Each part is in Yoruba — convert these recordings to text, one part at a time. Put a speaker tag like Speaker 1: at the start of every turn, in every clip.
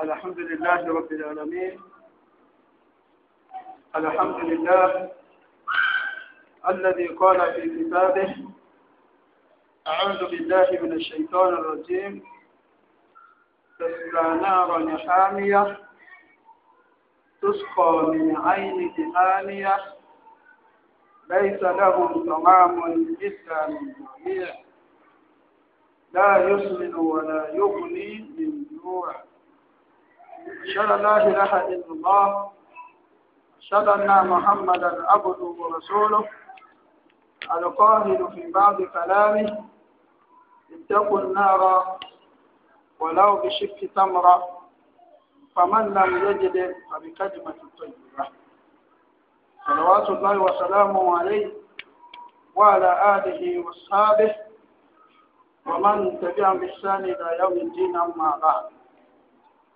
Speaker 1: الحمد لله رب العالمين الحمد لله الذي قال في كتابه أعوذ بالله من الشيطان الرجيم تسلى نارا حامية تسقى من عين آنية ليس لهم طعام إلا من ضريع لا يسمن ولا يغني من جوع أشهد أن لا إله إلا الله أشهد أن محمدا عبده ورسوله القاهر في بعض كلامه اتقوا النار ولو بشق تمرة فمن لم يجد فبكلمة طيبة صلوات الله وسلامه عليه وعلى آله وأصحابه ومن تبعهم بإحسان إلى يوم الدين أما بعد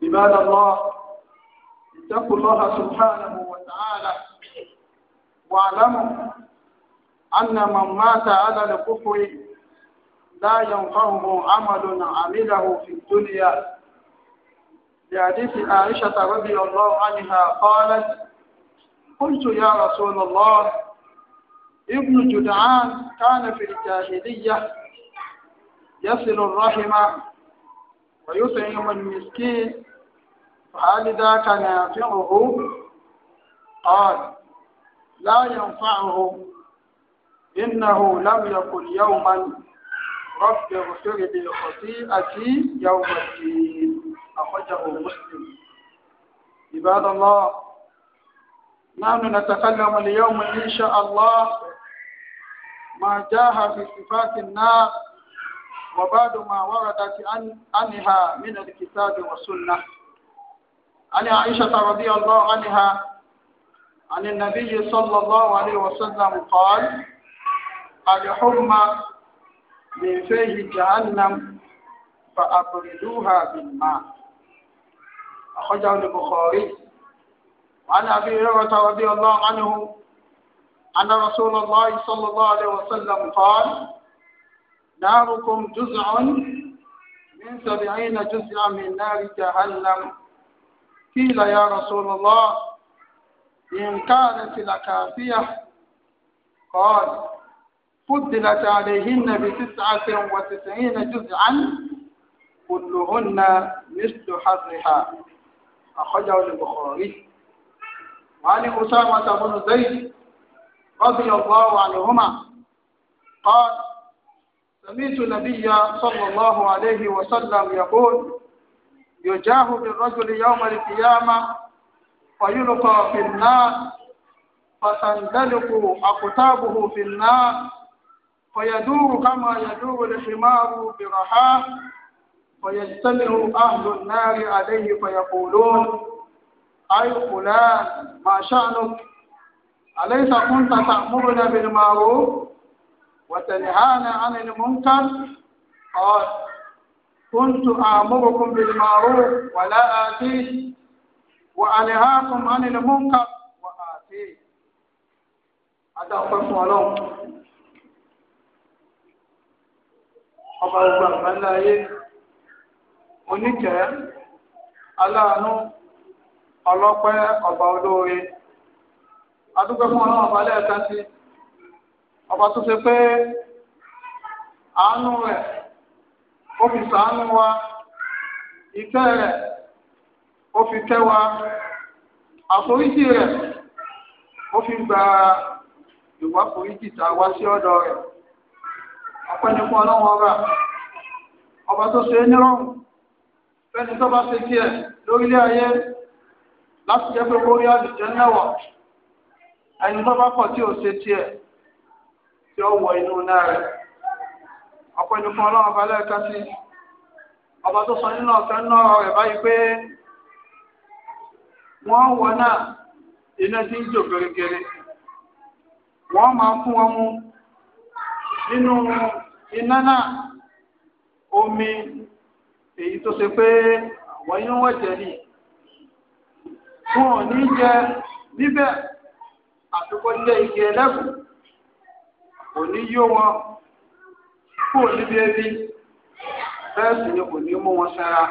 Speaker 1: عباد الله اتقوا الله سبحانه وتعالى واعلموا أن من مات على الكفر لا ينفعه عمل عمله في الدنيا لحديث عائشة رضي الله عنها قالت قلت يا رسول الله ابن جدعان كان في الجاهلية يصل الرحم ويطعم المسكين فهل ذاك نافعه قال لا ينفعه إنه لم يكن يوما رب اغفر لي خطيئتي يوم الدين أخرجه مسلم عباد الله نحن نتكلم اليوم إن شاء الله ما جاء في صفات النار وبعد ما وردت عنها من الكتاب والسنة عن عائشة رضي الله عنها عن النبي صلى الله عليه وسلم قال الحمى من فيه جهنم فأبردوها بالماء أخرجه البخاري وعن أبي هريرة رضي الله عنه أن رسول الله صلى الله عليه وسلم قال ناركم جزع من سبعين جزءا من نار جهنم قيل يا رسول الله إن كانت لكافية قال فضلت عليهن بتسعة وتسعين جزءا كلهن مثل حرها أخرجه البخاري وعن أسامة بن زيد رضي الله عنهما قال سمعت النبي صلى الله عليه وسلم يقول يجاه بالرجل يوم القيامة فيلقى في النار فتندلق أقطابه في النار فيدور كما يدور الحمار برحاه فيجتمع أهل النار عليه فيقولون أي فلان ما شأنك أليس كنت تأمرنا بالمعروف وتنهانا عن المنكر قال كنت آمركم بالمعروف ولا آتيه وأنهاكم عن المنكر وآتيه هذا gbara ولو ọba ọgbà mẹ́lá ayé oníkẹ́ aláàánú ọlọ́pẹ́ ọba olóore adúgbò fún ọlọ́run ọba lẹ́ẹ̀kan sí ọba tó ṣe pé àánú rẹ̀ ó fi wa ìkẹ́ rẹ̀ ó fi wa àforíjì rẹ̀ ofi fi gba ìwà foríjì ta a wá sí ọ̀dọ̀ rẹ̀ ọpẹ́ nípa ọba ọba tó ṣe é nírọ̀rùn fẹ́ni tó bá ṣe tiẹ̀ lórílẹ̀ ayé láti jẹ́ pé kórí àlùjẹ́ náwọ̀ ẹni tó bá ọpẹ́ ni fún ọlọ́run ọba lẹ́ẹ̀kan sí ọba tó sọ nínú ọ̀sẹ̀ ń nọ́rọ̀ rẹ̀ báyìí pé wọ́n wọ náà iná tí ń jò gẹ́gẹ́rẹ́ wọ́n omi èyí tó ṣe pé àwọn wọ́n ní ní níbẹ̀ àtúkọ́ jẹ́ igi kúrò níbi ẹbí bẹ́ẹ̀ sì ni kò ní mú wọn sára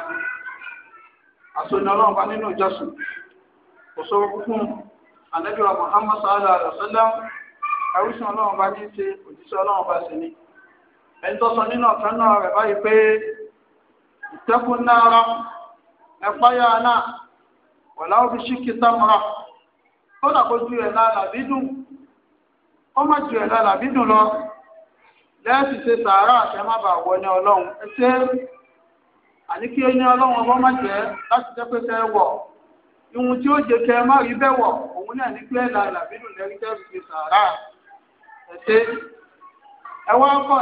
Speaker 1: àsọyìn ọlọ́run bá nínú ìjọsìn kò sọ fún Muhammad sallallahu alaihi àrùsùn ọlọ́run bá ní ṣe òjíṣẹ́ ọlọ́run bá sì ni ẹni tó sọ nínú ọ̀kan náà rẹ̀ báyìí pé ìtẹ́kùn náà wọ̀lá òbí ṣíkì lọ. lẹ́ẹ̀sì ṣe sàárà àṣẹ má bàa ọlọ́run ẹ àní kí ẹni ọlọ́run ọmọ má jẹ́ láti jẹ́ pé kẹ́ ẹ wọ̀ ihun tí ó jẹ kẹ́ ẹ má rí bẹ́ẹ̀ wọ̀ òun náà ní pé ẹ̀là làbínú lẹ́rí tẹ́rù ṣe sàárà ẹ wá kọ́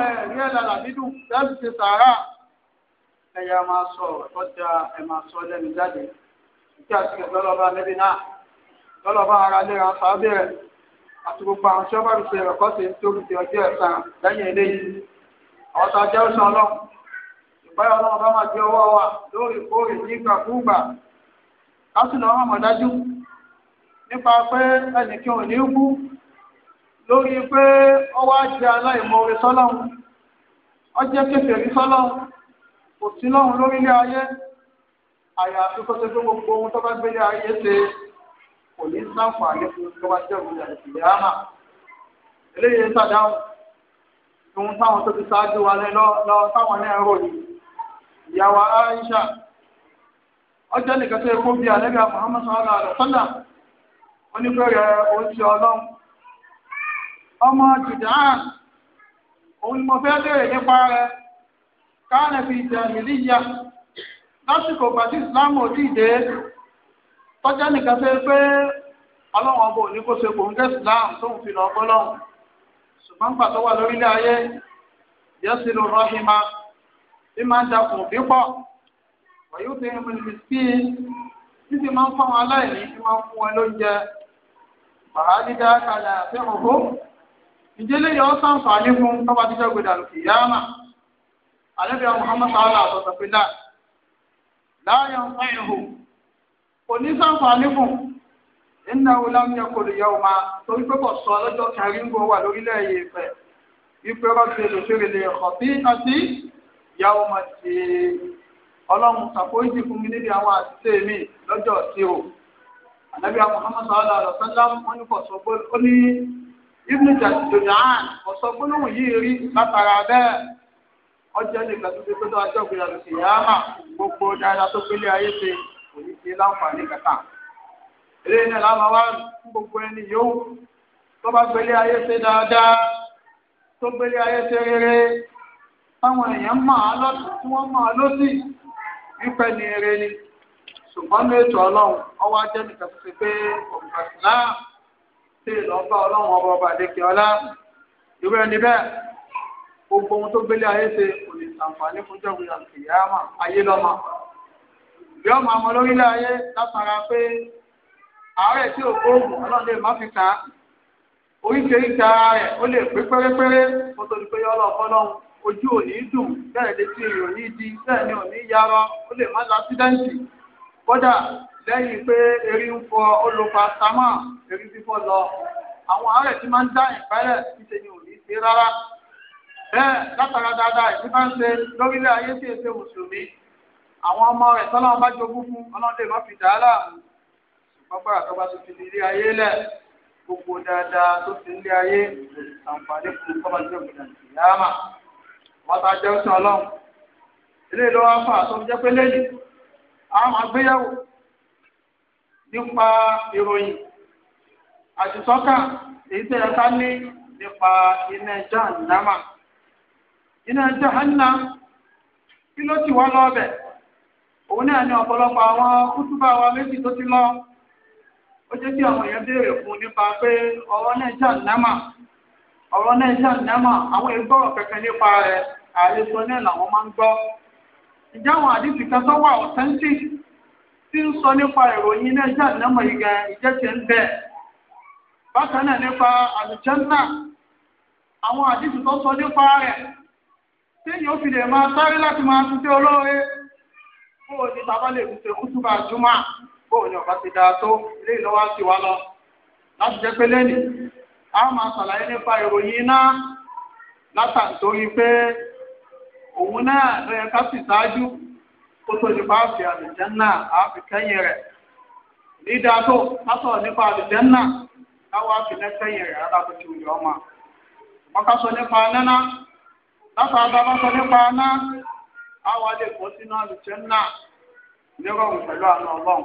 Speaker 1: ẹ rí ṣe àti gbogbo àwọn tí wọ́n bá fi ṣe ẹ̀kọ́ sí nítorí ti ọjọ́ ya lẹ́yìn eléyìí àwọn tá a jẹ́ òṣàn ọlọ́run ìpáyà bá máa ọwọ́ wa lóòrèkóòrè nígbàkúùgbà lásìlọ wọn mọ̀ dájú nípa pé ẹnìkan ò ní kú lórí pé ọwọ́ á jẹ aláìmoore sọ́lọ́run ọjẹ́ kékeré kò sí ayé gbogbo ohun tó bá gbélé ayé ṣe kò na sáǹfààní fún tó bá jẹ́ òun aha. ìyáàmà eléyìí ń sàdáhùn ohun táwọn tó ti ṣáájú wa lọ lọ táwọn náà rò yìí ìyàwó Aisha ọjọ́ nìkan tó kó bí Muhammad sallallahu wa sallam ọlọ́run ọmọ òun ni mo fẹ́ léèrè nípa jẹ́ lásìkò tọ́jà nìkan ṣe pé ọlọ́run ọba òní kó ṣe kòńgẹ́ islam tó ń fi lọ gbọ́lọ́hùn ṣùgbọ́n gbà tó wà lórílẹ̀ ayé yẹ́sì ló rọ́hìmá bí máa ń dakùn òbí pọ̀ wàyó sí i títí máa ń aláìní tí máa ń fún wọn lóúnjẹ kalẹ̀ òhó ìdílé yọ fún tọ́ba gbèdà láàyè ń fẹ́ kò ní sàǹfààní fún iná wùlámíyà kò lè yẹ ọ máa torí pé kò sọ lọ́jọ́ kárí ń bọ̀ wà lórílẹ̀ èyí ìfẹ́ wípé rọ́bì lòṣèré lè kọ̀ sí àti ìyàwó máa ti ọlọ́run ṣàforíjì fún mi níbi àwọn àṣìṣe mi lọ́jọ́ sí o ànábíà Muhammad sallallahu alaihi wọn ní kò sọ ó ní ibùdó jòjàn kò sọ gbólóhùn yìí rí látara bẹ́ẹ̀ ọjọ́ nìkan tó ti pé tó ajọ́ kò ní ṣe láǹfààní kàkà eré náà láwọn wá fún gbogbo ẹni yòówù tó bá gbélé ayé ṣe dáadáa tó gbélé ayé ṣe rere táwọn èèyàn máa lọ́sí tí wọ́n máa lọ́sí wípé ní eré ni ṣùgbọ́n ní ètò ọlọ́run ọwọ́ ajé nìkan ti ṣe pé òǹkà síláà tí ìlọ́gbà ọlọ́run ọba ọba àdékè ọlá irú ẹni bẹ́ẹ̀ gbogbo ohun tó gbélé ayé ṣe kò lè ṣàǹfààní fún jẹ́wìrì àti ìyá ayé lọ́mọ yọ ọmọ àwọn olórílẹ̀ ayé látara pé àárẹ̀ tí ò gbóògùn ọlọ́run lè má fi kà á oríṣiríṣi ara rẹ̀ ó lè pé pérépéré kó tó di pé yọ ọlọ́run fọlọ́run ojú ò ní dùn bẹ́ẹ̀ létí èyí ò ní di bẹ́ẹ̀ ni ò ní yarọ ó lè má lásídẹ́ǹtì kódà lẹ́yìn pé erí ń fọ olùkọ́ sámọ́ erí fífọ́ lọ àwọn àárẹ̀ tí máa ń dá ìpẹ́lẹ̀ níṣe ni ò ní ṣe rárá bẹ́ẹ̀ látara dáadáa ìdí àwọn ọmọ rẹ̀ tọ́lọ́wọ́n bá jogún fún ọlọ́dẹ má fi dàálà ṣùgbọ́n gbàrà tó bá tó fi ilé ayé lẹ̀ gbogbo dáadáa tó fi ilé ayé àǹfààní fún kọ́ba jẹ́ òkúta ìyáàmà wọ́tá jẹ́ òsàn ọlọ́run ilé ìlú wa fà tó jẹ́ pé lẹ́yìn àwọn àgbéyàwó nípa ìròyìn àtìsọ́kà èyí tẹ̀ ẹ́ ní nípa iná jahannama iná jahannama kí ló ti wá lọ́ọ́bẹ̀. òun náà ní ọ̀pọ̀lọpọ̀ àwọn kútúbà wa méjì tó ti lọ ó jẹ́ kí fún nípa pé ọ̀rọ̀ náà jà námà ọ̀rọ̀ náà jà námà àwọn kẹ̀kẹ́ nípa rẹ̀ àlesọ náà làwọn máa ń gbọ́ ìjà àwọn àdìsí kan tó wà ọ̀tẹ́ńtì tí ń sọ nípa ìròyìn náà jà ń bẹ̀ bákan náà nípa àwọn sọ nípa rẹ̀ téèyàn fi lè máa sáré láti máa fún òní bàbá lè fi ṣe kútùbà júmọ́ bóun ti dáa tó ilé ìlọ́wọ́ ti wá lọ láti jẹ́ pé a máa ṣàlàyé nípa ìròyìn iná pé òun náà ló yẹ ká sì ṣáájú kó tó nípa àfi àfi kẹ́yìn rẹ̀ tó kásọ̀ nípa àlùjànnà káwọ́ àfi lẹ́kẹ́yìn rẹ̀ adágún ti wùyọ́ ọmọ. sọ nípa
Speaker 2: bá sọ nípa
Speaker 1: náà. káwa lè kó sínú àlùjànnà nírọ̀rùn pẹ̀lú àánú ọlọ́run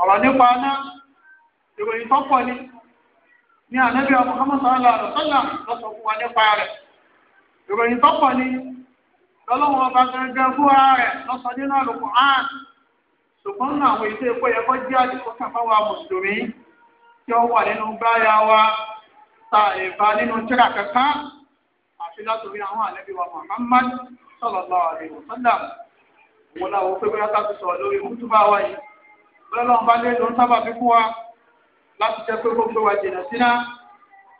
Speaker 1: ọ̀rọ̀ nípa aná ìròyìn tó pọ̀ ni ní ànábì Muhammad sallallahu alaihi wasallam ló sọ fún wa nípa rẹ̀ ìròyìn tó pọ̀ ni lọ́lọ́wọ́ ọba gangan fúnra rẹ̀ ló sọ nínú Al-Qur'an ṣùgbọ́n nínú àwọn ètò ẹ̀kọ́ yẹ jẹ́ mùsùlùmí tí ó wà nínú wa ta ìbá nínú tíra kankan àfi látòrí àwọn ànábì wa sallallahu alaihi wasallam òun làwọn pé bóyá ká ti sọ̀rọ̀ lórí mútúbà wa yìí bóyá lọ́n bá lé lóun sábà fi wa láti jẹ́ pé gbogbo wa síná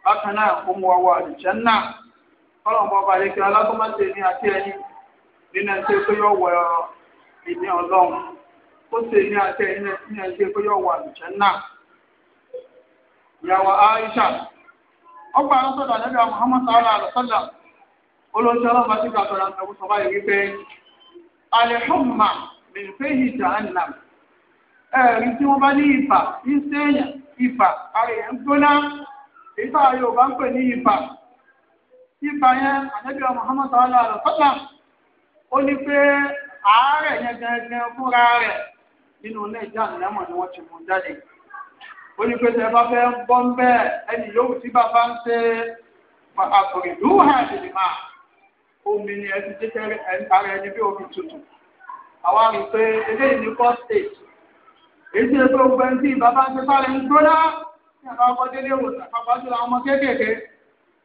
Speaker 1: bákan náà kó mu wa wọ àlùjánnà kọ́lọ̀ bọ́ balẹ̀ kí alágbọ́mọ́tẹ̀ ní àti ẹni nínú ẹni tó yọ wọ ìní ọlọ́run ó sì ní Aisha ọgbà àdébíà olóńtọ́ ọlọ́mọ tí kò àtọ̀rọ̀ àtọ̀wọ́ sọ alẹ́hùnmá mẹ́fẹ́ ìjà ànà ẹ̀rí tí wọ́n bá ní ìfà ní sẹ́yìn ìfà ara èèyàn gbóná ìfà Yorùbá ń pè ní ìfà ìfà yẹn Muhammad ala alaihi ó ní pé àárẹ̀ yẹn gẹ́gẹ́ fúnra rẹ̀ nínú ilé ni wọ́n ti mú jáde ó ní pé tẹ bá fẹ́ bọ́ ń bẹ́ẹ̀ ẹni yòówù tí bàbá ń ṣe àkòrìdúhà omi ni ẹni jẹ́kẹ́rẹ́ ara ẹni bí omi tútù àwa rí pé eléyìí ní first stage èyí tí ẹgbẹ́ ogun ẹni tí bàbá ń tẹ́fà rẹ̀ ń gbóná tí àbá ọkọ̀ délé ìwòsàn àpapọ̀ àti àwọn ọmọ kéékèèké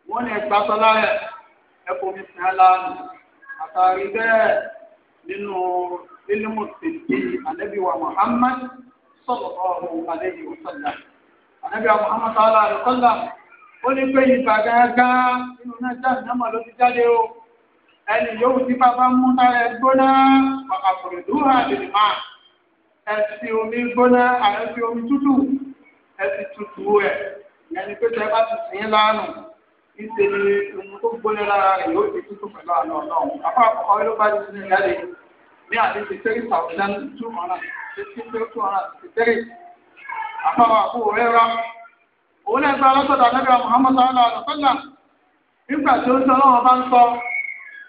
Speaker 1: wọ́n ní ẹgbà sọlá rẹ̀ ẹkọ omi sìn án lánàá àtàrí bẹ́ẹ̀ nínú nínú sèǹtì ànábìwà Muhammad sallallahu alaihi wasallam ànábìwà Muhammad sallallahu alaihi wasallam ó ní pé ìgbà gángan nínú náà jáde náà mà ló ti jáde o. ẹni yòówù ti bàbá mú tára ẹ gbóná àkùrẹ̀dù àbìlì máa ẹsì omi gbóná omi tútù ẹsì tútù ẹ ẹni pé tẹ́ bá ti sìn lánàá ìṣe ni ohun tó gbóná lára rẹ̀ yóò ti tútù pẹ̀lú àná àpá àkọ́kọ́ ló bá ti ní tẹ́rì sàwùdán àpá àkọ́kọ́ rà òun náà gba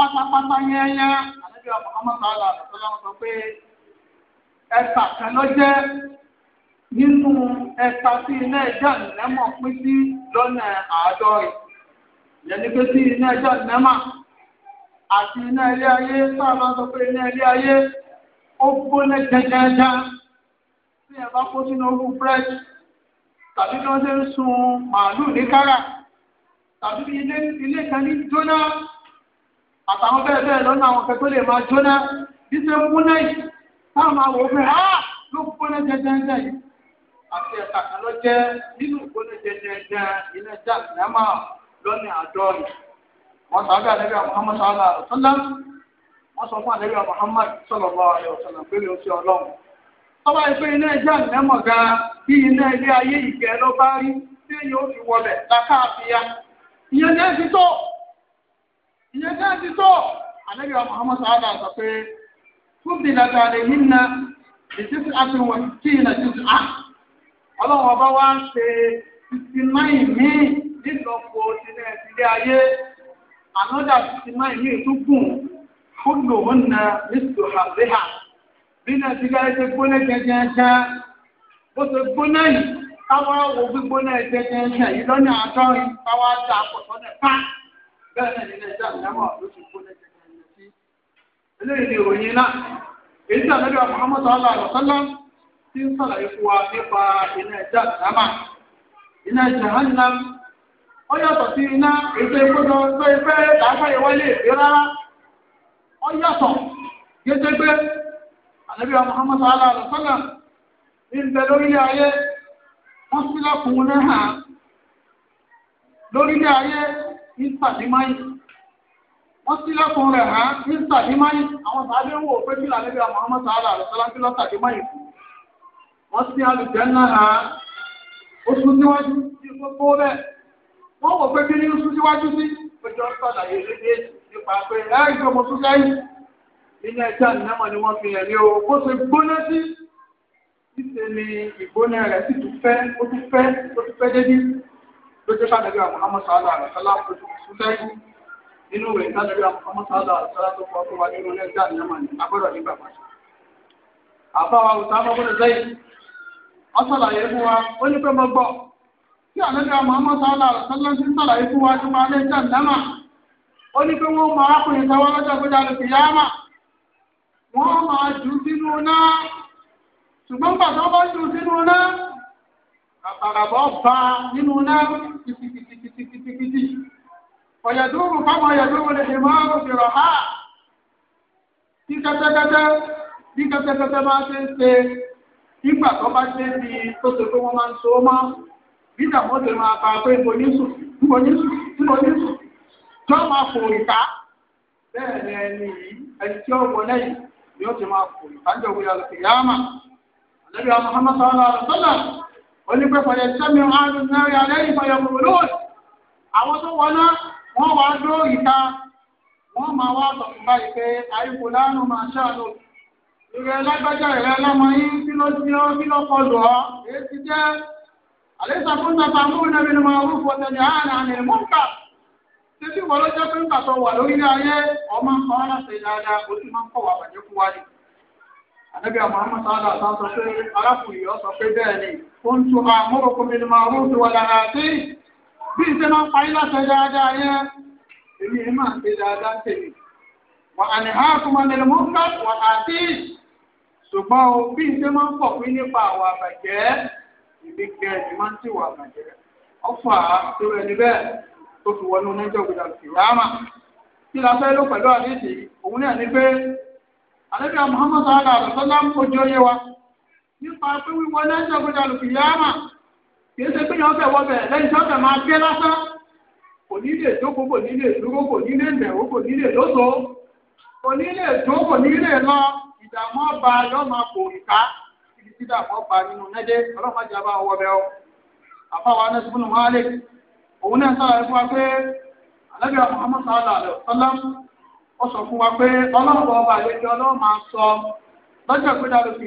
Speaker 1: pátápátá yẹ́yẹ́ àlejò àmọ́ sàálà àtọ́lá wọn sọ pé ẹ̀ka kan ló jẹ́ nínú ẹ̀ka tí iná ẹja nìlẹ́mọ̀ pín sí lọ́nà àádọ́rin ìyẹn ni pé tí iná ẹja nìlẹ́mà àti iná ilé ayé sáàlá sọ pé iná ilé ayé ó gbóná jẹjẹrẹ tí ẹ bá kó sínú ogún fúrẹ́ṣì tàbí tí wọ́n ṣe ń sun màálù ní kára tàbí ilé kan ní jóná àtàwọn bẹ́ẹ̀ bẹ́ẹ̀ lọ́nà àwọn kẹ́kọ́ lè máa jóná bí ṣe ń múná yìí táwọn máa wò ó pé áá ló gbóná jẹjẹrẹ yìí àti ẹ̀ka kan ló jẹ́ nínú gbóná jẹjẹrẹ iná já ìyámà lọ́nà àjọ yìí wọ́n sọ fún àlẹ́bíà Muhammad sọ̀rọ̀ àlọ́sọ́lá wọ́n sọ fún àlẹ́bíà Muhammad sọ̀rọ̀ bá ọ̀yọ̀ sọ̀rọ̀ pé ó ṣe tọ́ba ìpè iná ẹja ìyámà ga bí iná ilé ayé ìgbẹ́ ló bá rí tí èyí ó fi wọlẹ̀ lákàáfíà ìyẹn ní ẹ ìyẹn náà ti tó àlẹ́bí ọmọ ọmọ sàádà sọ pé fún bí lọ́dọ̀ àlẹ́ yìí ná ètí sí àfihàn tí ìlà ah! ayé ànọ́dà títí náì míì tó gùn ó lò ó na nítorí àbíhà bí náà ti láyé ṣe gbóná bó ṣe gbóná yìí yìí lọ́nà náà pa. bẹ́ẹ̀ náà nínú ẹja ìyámọ̀ ló ti kó lẹ́kẹ̀kẹ̀ sí. eléyìí ni ìròyìn náà èyí tí àlejò Muhammad sallallahu alaihi wasallam ti ń sàlàyé fún wa nípa iná ẹja ìyámọ̀ iná Jahannam ó yàtọ̀ sí iná ètò ìkójọ tó ẹgbẹ́ làákàyè wáyé èdè rárá ó yàtọ̀ gẹ́gẹ́gbẹ́ àlejò Muhammad sallallahu alaihi ní ìbẹ̀ lórílẹ̀ ayé wọ́n sílẹ̀kùn náà lórílẹ̀ ayé níta ní máyì wọ́n sílẹ̀kùn rẹ̀ hàn níta ní máyì àwọn sàádé ń wò pé kí làlẹ́ bí àwọn ọmọọta àlà àlùsọ́lá ń kí lọ́tà ní máyì wọ́n sí alùjẹ́ ńlá hàn ó sún níwájú sí gbogbo bẹ́ẹ̀ wọ́n wò pé kí ní sún síwájú sí péjọ sọ̀dàyé lédè nípa pé láì tó mo tún sẹ́yìn nínú ẹja ìnáwó ni wọ́n fi hàn ní o bó ṣe gbóná sí títẹ ni ìgbóná rẹ̀ sì tún fẹ́ ó tún fẹ́ ó tún fẹ́ débi lójú bá nàbí àwọn ọmọ sàádà àlùsọ́lá fojú ṣẹ́kù nínú ndị ìtàdébí ọmọsáàlá àṣàlá tó kọ́ tó wà nínú lẹ́gbẹ̀ẹ́ ndị ní agbọ́dọ̀ nígbà pàṣẹ. òtá mọ́gbọ́dọ̀ sẹ́yìn wọ́n sàlàyé fún wa ó ní pé mo gbọ́ tí ti sàlàyé fún wa ó ní pé wọ́n mọ arákùnrin tẹ́wọ́ lọ́jọ́ yáàmà wọ́n máa jù sínú ṣùgbọ́n ọ̀yẹ̀dúró fáwọn ọ̀yẹ̀dúró lè mọ́ òṣèrò ha tí kẹ́tẹ́kẹ́tẹ́ bí kẹ́tẹ́kẹ́tẹ́ bá ṣe ń ṣe nígbà tó bá ṣe ń di tó ṣe pé wọ́n máa ń so mọ́ bí dàmọ́ ṣe máa pa pé mo ní tí wọ́n máa fò ìta bẹ́ẹ̀ ni ẹni yìí ẹni tí ó wọ lẹ́yìn ni ó ti máa fò ìta jọ wíyà lọ kìyàmà àlẹ́bíà Muhammad sallallahu alaihi wa sallam onípẹ́ fọyẹ sẹ́mi ọ̀hánú náírà lẹ́yìn fọyẹ kúrò lóòrè àwọn wọ́n wá dúró ìta wọ́n máa wá sọ fún báyìí pé àyíkò lánàá máa ṣàlò ìrẹ lágbájá ìrẹ lọmọ yín kí ló ti ọ kí ló kọlù ọ èyí ti jẹ àlẹsà fún tata mú nàbí ni máa rúfọ tẹlẹ àná àná ẹmọ nǹkan títí wọ́n ló jẹ́ pé nǹkan tó wà lórí ayé ọmọ nǹkan wọn láti dáadáa ó sì máa ń kọ̀ wà bàjẹ́ fún wa ni. àdébí àwọn ọmọ sáadà sá sọ pé arákùnrin yìí sọ pé bẹ́ẹ̀ ni ó ń tún àmúròkùnrin ni máa rúfọ wà lára sí i bí ìṣe máa ń parí láṣẹ dáadáa yẹn èmi ẹ̀ máa ṣe dáadáa tèmi wà á ní àkùnmọ̀ nílẹ̀ mú ká wà á sí ṣùgbọ́n o bí ìṣe máa ń pọ̀ pé nípa àwọn àbàjẹ́ ìbí kẹ́ ẹ̀ máa ń tì wà àbàjẹ́ ọ̀fà tó rẹ̀ níbẹ̀ tó fi wọnú níjọ́ gbọdọ̀ kìláàmà kí la fẹ́ ló pẹ̀lú àdéhìí òun náà ní pé àlébíà Muhammad sallallahu alaihi ń kojú ọyẹ wa nípa pé wíwọ níjọ́ gbọdọ̀ kìláàmà kì í ṣe pé yàn fẹ́ wọ́bẹ̀ lẹ́yìn tí wọ́n fẹ́ máa gbé lásán kò ní lè kò ní lè kò kò ní lóso kò ní tó kò ní lọ ìdààmú ọba yóò máa kò ìka ibi tí ọba nínú nẹ́dẹ́ ọlọ́pàá jẹ́ àbá àfáwọn òun náà sọ̀rọ̀ fún wa pé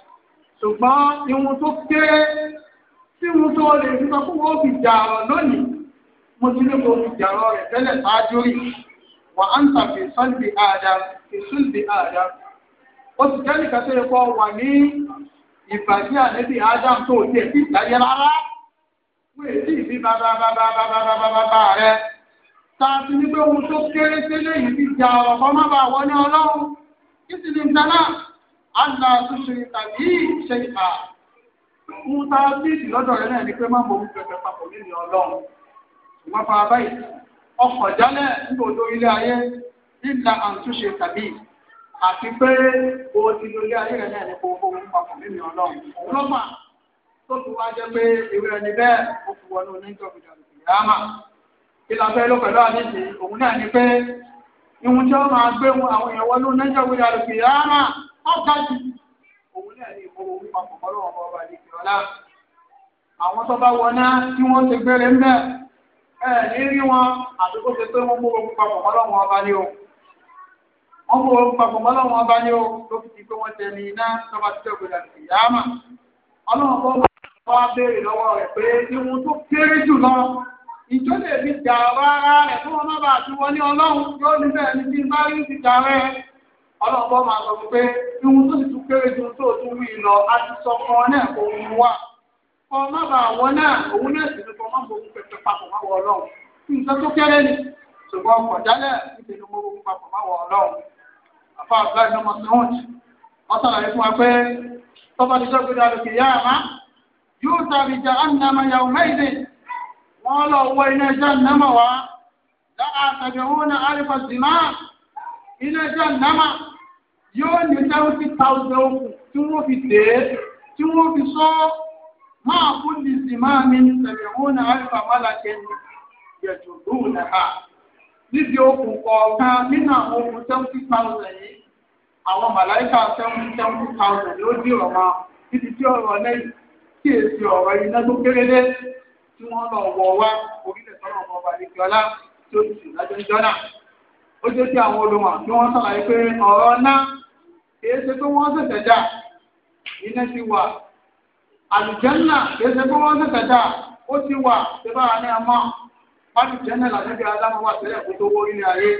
Speaker 1: ṣùgbọ́n ihun tó kéré tí ihun tó lè fi sọ fún wọn fi jà ọ̀rọ̀ lónìí mo ti ní kó fi jà ọ̀rọ̀ rẹ̀ tẹ́lẹ̀ ṣáájú rí wà á ń tàbí sọ́ọ̀dì àdá ìṣúlùdì àdá ó sì jẹ́ nìkan tó yẹ kó wà ní ìbàdí àlẹ́bí Adam tó o tiẹ̀ fi ìtàgé rárá wọ́n èdè ìbí bàbàbàbàbàbàbà rẹ̀ ta ti ní pé ohun tó kéré sílé yìí fi jà ọ̀rọ̀ kọ́ má bàa wọlé ọlọ́run kí sì ní ìtàn àná àtúnṣe tàbí ṣe ìhà mú tá a bí ìlọ́dọ̀ rẹ náà ni pé má bọ̀ wí pẹpẹ papọ̀ nílùú ọlọ́run ṣùgbọ́n fara báyìí ọkọ̀ jálẹ̀ nígbà odò ilé ayé nígbà àtúnṣe tàbí àti pé o ti lo ilé ayé rẹ náà ni kò kó wí papọ̀ nílùú ọlọ́run òun ló mà tó fi wá jẹ́ pé ìwé ẹni bẹ́ẹ̀ ó fi wọnú oníjọ́ ìjọba ìyáàmà
Speaker 2: ìlànà ló pẹ̀lú àdéhìí òun náà ni pé
Speaker 1: ìwọ̀n tí wọ́n máa gbé àwọn èèyàn wọnú oníjọ́ ìjọba ìyáàmà ọ̀gá jù. òun náà ní ìfowó orí papọ̀ bọ́lọ́ ọmọ ọba àdìsí ọ̀la. àwọn tó bá wọná tí wọ́n ti gbére ń bẹ̀ ẹ̀ ní rí wọn àdúgbò ṣe pé wọ́n mú ogun papọ̀ bọ́lọ́ ọmọ ọba ní o. wọ́n mú ogun papọ̀ bọ́lọ́ ọmọ ọba ní o tó fi di pé wọ́n tẹ ní iná tó bá ti tẹ̀ gbèdà sí yàámà. ọlọ́run kọ́ wá béèrè lọ́wọ́ rẹ̀ pé ihun tó kéré jù lọ ìjọ lè fi jà rárá rẹ̀ fún ọmọ bàtí wọlé ọlọ́run yóò ní bẹ́ẹ̀ ní bí bá ti jà rẹ̀ ọlọ́pọ̀ máa sọ pé ihun tó sì tún kéré ju tó tún wí lọ a ti sọ fún ọ náà kó ń wá kọ má bà wọ náà òun náà sì ní kọ má bọ ohun pẹpẹ papọ̀ má wọ ọlọ́run nǹkan tó kéré ni ṣùgbọ́n ọkọ̀ jálẹ̀ níbi ni mo wọ ohun papọ̀ má wọ ọlọ́run àfa àgbà ìlú ọmọ sẹ́wọ̀n jù wọ́n sàlàyé fún wa pé tọ́ba ti sọ́kùn dàrú kì yá àmá yóò tàbí jà ánàmà yàwó mẹ́ìdè wọ́n lọ wọ iná ẹja nàmà wá láàtàbí òun náà àrífà zìmá iná ẹja nàmà yóò ní seventy thousand tí wọ́n fi tè é tí wọ́n fi sọ máa fún lìsì máa mi sẹ̀mí òun náà àìfà málàkẹ́ ni yẹ̀dùn lóhùn náà ha níbi okùn kọ̀ọ̀kan nínú àwọn okùn seventy thousand yìí àwọn màláìkà seventy seventy thousand ló dì ọ̀ma títí tí ọ̀rọ̀ lẹ́yìn kí èsì ọ̀rọ̀ iná tó kéré tí wọ́n lọ wọ̀ wá orílẹ̀ tọ́lọ̀ ọmọ ọba ìjọlá ti sì lájọ́ ìjọ́nà ó jẹ́ kí àwọn olùwọ̀n tí wọ́n sọ̀rọ̀ yìí ọ̀rọ̀ náà kìí ṣe pé wọ́n ṣẹ̀ṣẹ̀ dà iná ti wà àlùjẹ́nà kìí ṣe pé wọ́n ṣẹ̀ṣẹ̀ dà ó ti wà ṣẹba ní àmọ́ àlùjẹ́nà làdébí adámọ́ wà tẹ́lẹ̀ kó tó wó ilé ayé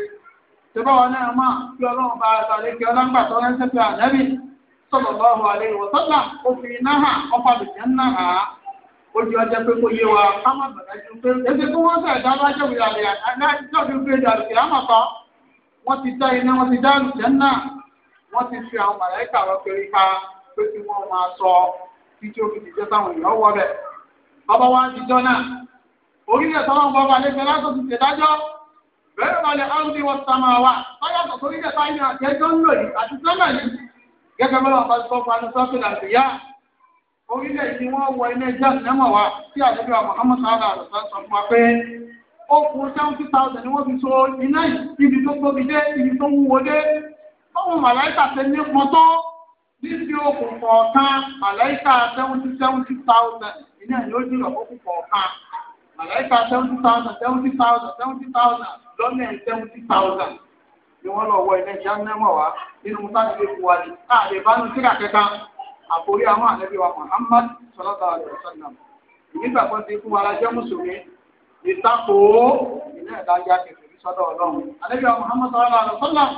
Speaker 1: ṣẹba wà ní àmọ́ kí ọlọ́run bá ara sàlẹ̀ kí ọlọ́ngbà tó rẹ́ sẹ́fẹ̀ ànẹ́bí sọ̀rọ̀ lọ́rùn alẹ́ ìwọ̀sọ́tà ó fi iná hàn ọkọ̀ àlùjẹ́nà hàn á ó di ọjọ́ pé kó yé wa ká má bàtà ju pé èsì tí wọ́n sẹ̀ dá lájọ́ wọ́n ti fi àwọn màláìkà lọ pẹ̀lú ipa pé kí wọ́n máa sọ títí ó fi dìjọ́ táwọn èèyàn wọ bẹ̀. bàbá wa ń dijọ́ náà orílẹ̀ sọ́wọ́n bàbá lẹ́fẹ̀ẹ́ látọ̀ ti ṣèdájọ́ bẹ́ẹ̀ balẹ̀ áwùdí wọn sàmà wa báyàtọ̀ orílẹ̀ sáyẹn àti ẹjọ́ ń lò yìí àti sẹ́mẹ̀ yìí gẹ́gẹ́ bọ́lá ọba sọ fanu sọ́kìlà sí yá orílẹ̀ yìí wọ́n wọ ilé ẹjọ́ sinẹ́mọ̀ wa tí àdébíwá Muhammad sahara àlùsá sọ fún wa pé ó kún seventy thousand ni wọ́n fi so iná yìí ibi tó tóbi dé ibi tó wúwo dé Ọ màláìkà ṣe nípọn tó níbi okùn kọ̀ọ̀kan màláìkà seventy seventy thousand ìní ẹ̀ ló jùlọ lọ wọ ilẹ̀ ìyá mẹ́mọ̀ wá nínú sáré lè fún wa ní káàdé ìbánu síra kẹta àkórí àwọn àlẹ́bí wa Muhammad sọlọ́tà kan ti wa la jẹ́ mùsùlùmí ìtakò sọ́dọ̀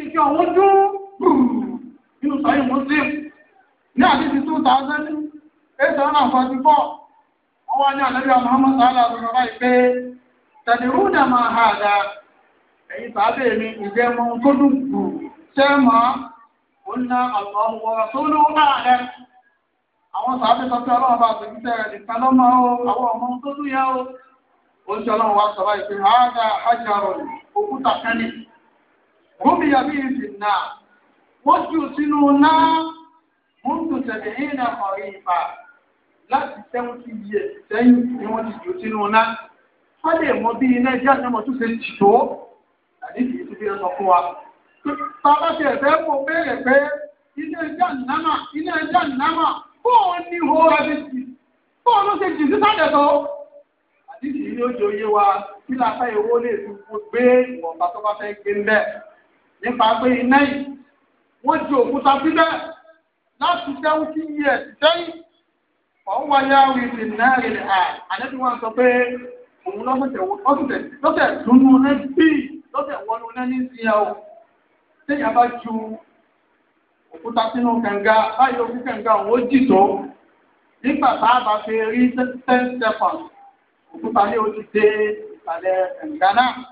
Speaker 1: ìjọ àwọn dún nínú sọ́yìn muslim ní àdíjì two thousand eight hundred and forty four wọ́n wá ní àlẹ́bíà muhammad sallallahu alaihi máa ha àdá ẹ̀yìn sábẹ́ mi ìjẹ́ mọ tó dùn kù ṣẹ́ mọ́ ó ná àwọn o ọmọ tó dùn yá ó ń òkúta Rúbì yàbí ìsì náà, wọ́n jù sínú náà, wọ́n tún tẹ̀lé ìrìnà ọ̀rí ìfà láti sẹ́wọ́n ti yẹ sẹ́yìn ni wọ́n ti jù sínú náà. Wọ́n lè mọ bí iná ẹjẹ́ àtẹ́mọ̀ tún ṣe ti tó, àdíjì tó fi sọ fún wa. Bàbá ti ẹ̀fẹ́ mọ̀ bẹ́ẹ̀rẹ̀ pé iná ẹjẹ́ ànámà, iná ẹjẹ́ ànámà, bóun ní ho ẹbí sí, bóun ló ṣe jù sí sáàdẹ̀ tó. Àdíjì yóò jòyè wa kí nípa pé iná yìí wọ́n ju òkúta síbẹ̀ láti dẹ́wọ́ kí yí ẹ̀ sẹ́yìn ọ̀hún wáyé àwọn ìsìn náà rìn àì àdébí wọn sọ pé òun lọ́sẹ̀ lọ́sẹ̀ dùnú náà bíi lọ́sẹ̀ wọnú náà ní ti ẹ̀ o téèyàn bá ju òkúta sínú kànga báyìí òkú kànga òun ó jì tó nígbà tá a bá fi rí ten seconds òkúta ní o dé ìsàlẹ̀ kànga náà.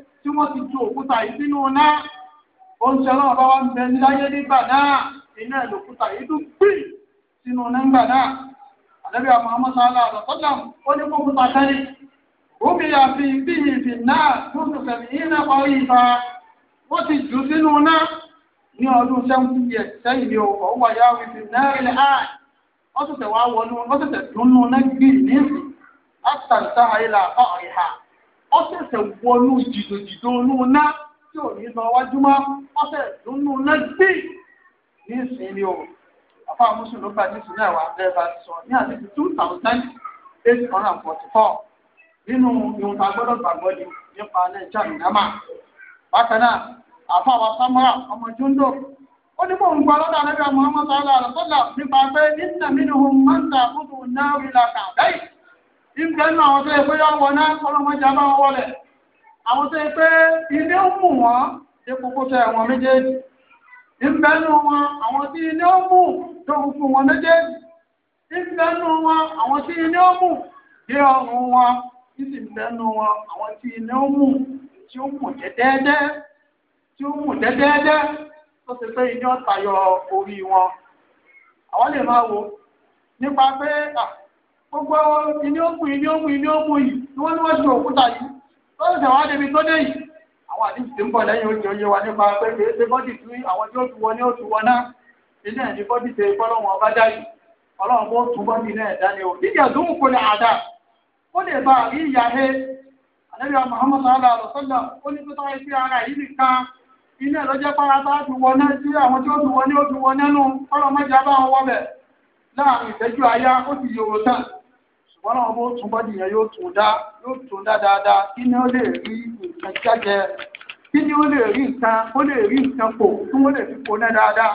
Speaker 1: tí wọ́n ti ju òkúta yìí sínú náà oúnjẹ náà bá wà ń bẹ níláyé nígbà náà iná ìlòkúta yìí dùn na sínú nígbà náà àlẹ́bí àwọn amọ́sálà àlọ́sọ́là ó ní kókúta sẹ́ni òbí àfi bí ìfì náà tún tún sẹ̀mí iná parí ìfà wọ́n ti jù sínú ní ọdún sẹ́yìn ní ọkọ̀ ọ̀sẹ̀sẹ̀ wọnú jìdòjìdò inú ná tí ò ní lọ wájú mọ́ ọ̀sẹ̀ lónú ná gbé ní ìsinmi o àfa mùsùlùmí ló gbà jésù náà wà bẹ́ẹ̀ bá sọ ní àdéhùn two thousand eight hundred and forty four nínú ìhun tá a gbọ́dọ̀ gbàgbọ́ ni nípa alẹ́ jáde náà bákan náà àfa wa sámúrà ọmọ júndò ó ní mò ń gbọ́ lọ́dọ̀ àlẹ́bíà muhammadu alayhi wa sallam nípa pé nínú mi ni ìgbẹ́ àwọn tó yẹ pé yọ wọ náà wọlẹ̀ àwọn tó yẹ ilé ó mú wọn dípò kó tẹ àwọn méjèèjì ìgbẹ́ wọn àwọn tí ilé ó mú tó fún wọn méjèèjì ìgbẹ́ wọn àwọn tí ilé ó mú dé ọrùn wọn títí ìgbẹ́ wọn àwọn tí ilé ó mú tí ó mú dẹ́dẹ́dẹ́ tí ó mú dẹ́dẹ́dẹ́ tó ti pé ilé ọ̀tayọ orí wọn àwọn lè máa wò nípa pé gbogbo ìní inye ìní òkun ìní yi yìí ni wọ́n ní wọ́n ju òkúta yìí lọ́dún tí àwọn adébí tó dé yìí àwọn àdìsí tí ń bọ̀ lẹ́yìn oúnjẹ oyé wa nípa pé kìí ṣe bọ́dì tí àwọn tí ó tu wọn ní ó tu wọn náà ilé ẹ̀ ní bọ́dì ṣe ọba dá yìí ọlọ́run bó tu bọ́dì náà ẹ̀dá ni o nídìí ẹ̀dùn àdá ó lè ṣùgbọ́n náà bó otu bọ́dì yẹn yóò tún dá yóò tún dá dáadáa kí ni ó lè rí nǹkan kí ni ó lè rí nǹkan ó lè rí nǹkan wọ́n lè fi náà dáadáa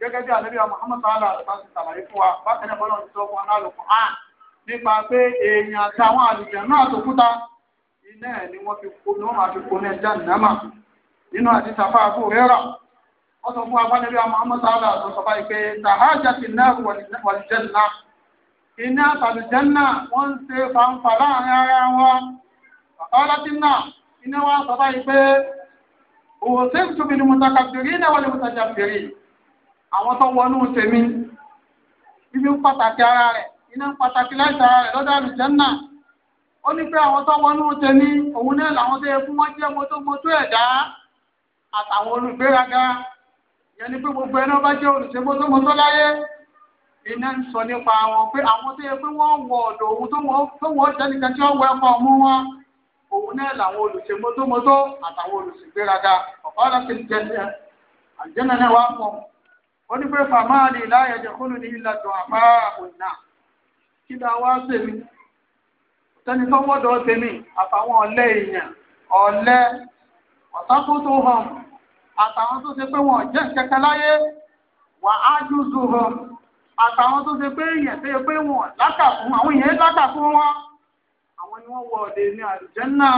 Speaker 1: gẹ́gẹ́ bí bí wa Muhammad sallallahu alaihi wa sallam fún wa bọ́lá án ah! nípa pé èèyàn àtàwọn náà fi kó wọ́n máa fi kó nínú àti sàfà bá Muhammad iná àtàlùjẹ́nà wọ́n ń ṣe fanfà láàrin ara wọn ọlọ́tínà iná wa sọ báyìí pé òwò tí ń tóbi ní mùtàkàbìrì iná wọlé mùtàjàbìrì àwọn tó wọnú tèmi ibi ń pàtàkì ara rẹ̀ iná ń pàtàkì láìsí ara rẹ̀ lọ́dọ̀ àlùjẹ́nà ó ní pé àwọn tó wọnú tèmi òun náà làwọn tó iná ń sọ nípa wọn pé àwọn tó yẹ pé wọ́n wọ ọ̀dọ̀ òun tó wọ́n jẹ́nìkan tí wọ́n wọ ẹ̀kọ́ ọmú wọn òun náà làwọn olùṣe mọ́tòmọ́tò àtàwọn olùṣègbéraga ọ̀pá ọlọ́sìn jẹ́nìyà àjẹ́nà náà wá pọ̀ ó ní pé fàmáàlì láyẹ̀jẹ̀ kúlù ní ilà tó àpá kí ni àwa sèmi tẹni tó wọ́dọ̀ sèmi àtàwọn ọ̀lẹ́ èèyàn ọ̀lẹ́ ọ̀sákótó hàn àtàwọn tó ṣe pé wọn jẹ́ kẹkẹ láyé wà á jù zù hàn àtàwọn tó ṣe pé èèyàn tó pé wọn lákà fún àwọn èèyàn lákà fún wọn àwọn ni wọn wọ ọdẹ ní àlùjànnà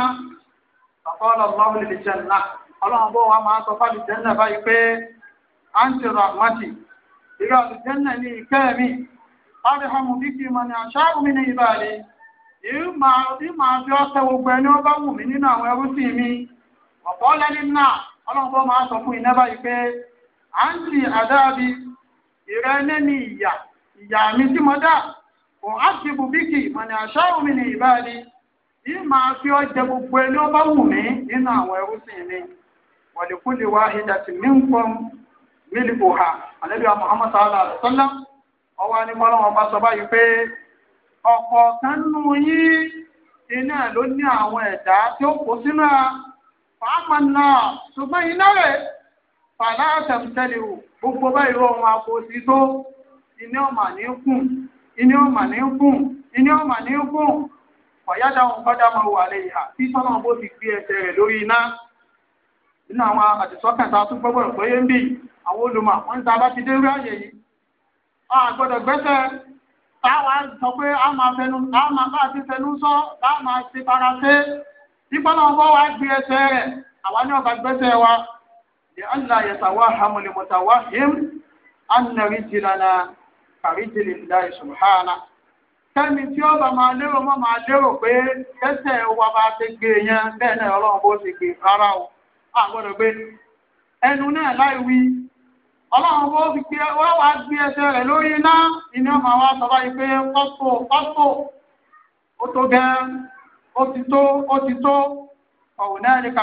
Speaker 1: bàbá ọlọ́run lè jẹnà ọlọ́run bó wa máa sọ fáàlì jẹnà báyìí pé àǹtí rahmati ìrẹ àlùjànnà ní mi alihamu bíkì mani àṣàrù mi ní ìbàdí ìmọ̀ gbogbo ẹni bá wù mí nínú àwọn ẹrú sí mi náà bó máa sọ ìrẹ́ ni ìyà ìyà mi tí mo dá ò á ti bù bí kì mọ̀nà àṣà omi ní ìbáni yìí máa fi ọjẹ gbogbo ẹni ó bá wù mí nínú àwọn ẹrúsìn mi wọ̀lẹ̀kúlẹ̀ wa ìdàtí mi ń pọ́n mílì Muhammad sallallahu alaihi wasallam ọwọ́ ni mọ́lọ́wọ́n bá sọ báyìí pé ọ̀pọ̀ kan nù yín iná ló ní àwọn a náà ṣùgbọ́n iná rẹ̀ fàlà o gbogbo báyìí rọrùn àkóso tó iná ọ̀mà ní kùn iná ọ̀mà ní kùn iná ọ̀mà ní kùn ọ̀yáda òun bá dáa máa wà lẹ́yìn à tí sọ́nà bó ti gbé ẹsẹ̀ rẹ̀ lórí iná nínú àwọn àdìsọ́kẹ̀ta tó ń bì àwọn olùmọ̀ ń ta bá ti dé rí yìí a gbọ́dọ̀ gbẹ́sẹ̀ táwa sọ pé a máa fẹnu a máa bá ti fẹnu sọ máa fara لئلا يتوهم المتوهم أن رجلنا كرجل الله سبحانه kẹ́ni tí ó bá máa lérò mọ́ máa lérò pé tẹ́sẹ̀ wa bá ti gbé yẹn bẹ́ẹ̀ náà ọlọ́run bó ti gbé rárá o a gbọ́dọ̀ ẹnu náà láì wí ọlọ́run bó fi gbé wá gbé ẹsẹ̀ rẹ̀ lórí iná iná máa wá sọ báyìí pé pọ́pọ̀ pọ́pọ̀ ó tó ó ti tó ó ti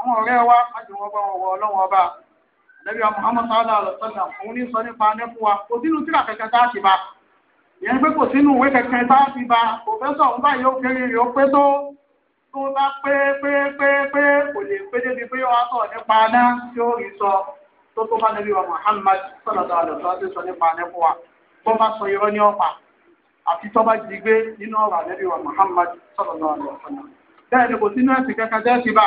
Speaker 1: àwọn ọ̀rẹ́ wa láti wọ́n bá wọ̀ ọlọ́wọ́n ọba àdàbí wa Muhammad sallallahu alaihi wa sallam òun ní sọ nípa nẹ́kú wa kò sínú tíra kẹkẹ tá a ti bá yẹn pé kò sínú ìwé kẹkẹ tá a ti bá pòfẹ́sọ̀ òun báyìí ó kéré rè ó pé tó tó bá pé pé pé pé kò lè pé débi pé wọ́n á sọ nípa aná tí ó rí sọ tó tó Muhammad sallallahu alaihi wa sallam sọ nípa nẹ́kú wa tó bá sọ irọ́ ní ọ̀pá àti tó bá jí gbé ọ̀rọ̀ àdàbí Muhammad sallallahu alaihi bẹ́ẹ̀ ni kò sínú ẹ̀sìn kẹkẹ tẹ́ ti bá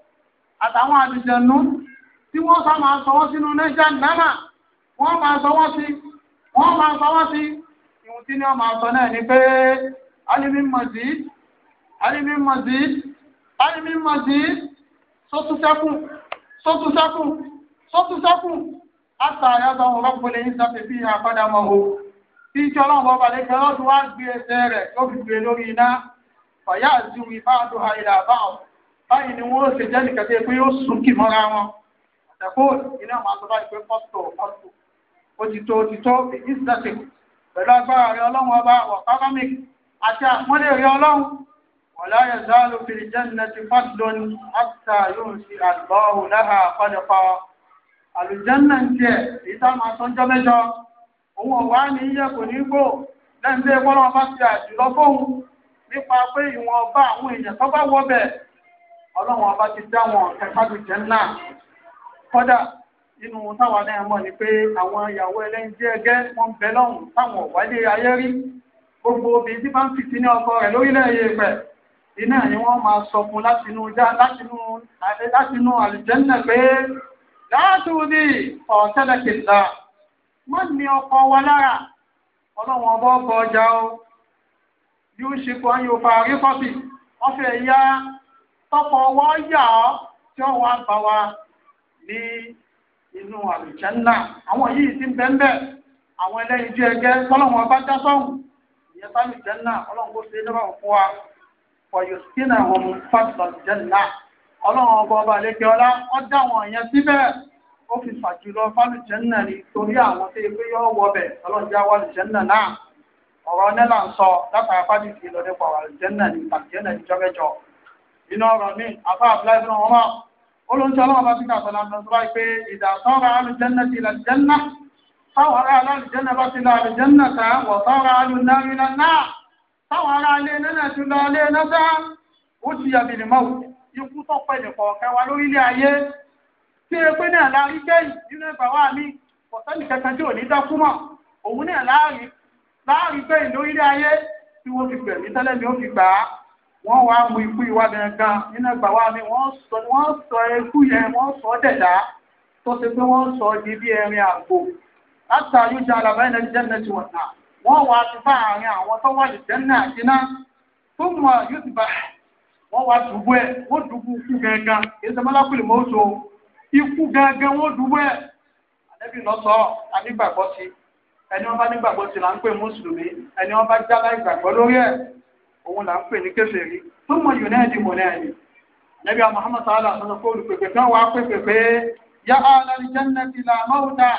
Speaker 1: àtàwọn àbìjẹ̀nú tí wọ́n sá máa sọ wọ́n sínú nẹ́jà náà wọ́n máa sọ wọ́n sí wọ́n máa sọ wọ́n sí ìhun tí ní ọmọ àsọ náà ni pé alimi mazid alimi mazid alimi mazid sótúnṣẹ́kù sótúnṣẹ́kù sótúnṣẹ́kù àtà àyàtọ̀ ọ̀rọ̀pọ̀lẹ̀ yìí sáfẹ́ bí àpádà mọ́ o tí ìjọ náà bọ́ balẹ̀ kẹ́ báyìí ni wọ́n ṣe jẹ́ nìkan pé yóò súnkì mọ́ra wọn àtàkó iná àwọn àtọ́bá ìpè pọ́tò pọ́tò ó ti tó ti tó ìsìláṣẹ pẹ̀lú agbára rẹ ọlọ́run ọba ọ̀kábámì àti àpọ́nlé rẹ ọlọ́run wọ̀lá ẹ̀zá ló fi ti fásilọ́n àtà ọlọ́run ọba ti dá wọn kẹfàdù jẹ́ náà kọ́dà nínú táwọn náà mọ̀ ni pé àwọn ìyàwó ẹlẹ́yinjẹ́ ẹgẹ́ wọn bẹ lọ́hùn táwọn wálé ayé rí gbogbo obìnrin tí bá ń fìtí ní ọkọ rẹ̀ lórílẹ̀ èyí pẹ̀ iná ni wọ́n máa sọ fún látinú já látinú àlùjẹ́nà pé láàtúndì ọ̀tẹ́lẹ̀kẹ̀lá wọ́n ní ọkọ wa lára ọlọ́run ọba ọkọ̀ ọjà o yóò ṣe kó ayé òfà rí kọ́fì ọ̀fẹ́ ya tọkọ wọn yà ọ tí wọn wá bá wa ní inú àlùjánnà àwọn yìí ti ń bẹ́ńbẹ́ àwọn ẹlẹ́yin jẹ́ ẹgẹ́ tọ́lọ́wọ́n bá dá sọ́hùn ìyẹn bá àlùjánnà ọlọ́run kó ṣe é lọ́wọ́ fún wa wọ̀nyí sí náà wọn mú fàtìlọ́ àlùjánnà ọlọ́run ọba ọba àlejò ọlá ọ dá wọn yẹn síbẹ̀ ó fi fàjùlọ fàlùjánnà ni torí àwọn tó yẹ pé yọ wọ bẹ̀ ọlọ́run já wà àlùjánnà náà ọ̀rọ̀ iná ọ̀rọ̀ mi àfa àbúlá ìbùnà wọn mọ́ olóńtí ọlọ́run bá ti kà sọ̀rọ̀ àmì ọ̀sọ́rọ̀ pé ìdàtọ́ra alùjẹ́nà ti làlùjẹ́nà táwọn ará alùjẹ́nà bá ti làlùjẹ́nà ta wọ̀tọ́ra alùnárinà náà táwọn ará alẹ́ nínà ti lọ alẹ́ náà ó ti yàbí ni mọ́wù ikú tó pẹ́ wa lórílẹ̀ ayé tí e pé náà láàrí kẹ́yìn nínú ẹ̀bà wa mi ọ̀sẹ́ni kankan tí ò ní dákú mọ́ òun náà láàrí láàrí kẹ́yìn lórílẹ̀ ayé tí wọ́n ti gbẹ̀mí wọ́n wá mú ikú ìwà gangan nínú ẹgbà wa ni wọ́n sọ ikú yẹn wọ́n sọ dẹ̀dá tó ṣe pé wọ́n sọ di bí ẹrin àgbo láti àyújọ alàbá ẹni jẹ́nà ti wọ̀n náà wọ́n wá ti bá àárín àwọn tó wà jẹ́nà àti náà tó mú àyú ti bá wọ́n wá dùbú ẹ̀ wọ́n dùbú ikú gangan èyí sọ mọ́lákùlì mọ́ oṣù ikú gangan wọ́n dùbú ẹ̀ àdẹ́bí lọ sọ anígbàgbọ́ sí ẹni wọ́n bá nígbàgbọ́ sí là ń pè òun là ń pè ní kèfèrí tó mọ yunẹ́ẹ̀dì mọ̀nẹ́ẹ̀dì nàbí Muhammad sàálà sọ́sọ́ pé olùpèpè kan wà pèpè pé yá alal jannati la mauta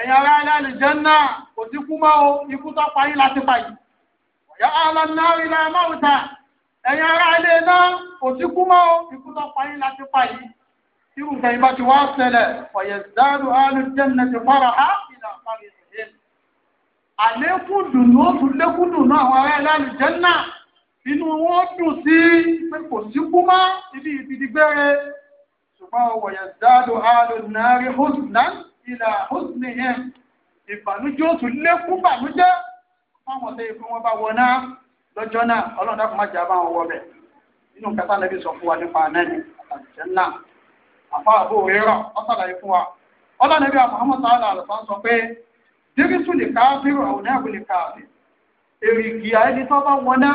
Speaker 1: ẹ̀yà ara alal janna kò sí kú mọ́ o ikú tó pa yín láti pa yìí yá alal nari la mauta ẹ̀yà ti wá ṣẹlẹ̀ ìlà fara ìlú àlékún dùnú ó tún lékún dùnú àwọn ará ẹ̀lá àlùjànnà inú wọn dùn sí pé kò sí kú mọ́ ibi ìfìdígbére ṣùgbọ́n wọ̀yẹ̀ dáadọ́ alùnárí hosùnà ìlà hosùnì yẹn ìbànújẹ́ oṣù lékún bànújẹ́ fáwọn ọ̀sẹ̀ ìfún wọn bá wọ náà lọ́jọ́ náà ọlọ́run dákun má jà bá wọn wọ bẹ̀ nínú kẹta lẹ́bí sọ fún wa nípa náà ni àtàlùjẹ́ náà àfa àbò rírọ̀ ọ́sàlàyé fún wa ọlọ́run bí Muhammad sallallahu alaihi wasallam sọ pé dírísù lè káfíìrù àwọn ẹ̀bùn lè káfíìrù èrìgì àyẹ́dí tó bá wọn náà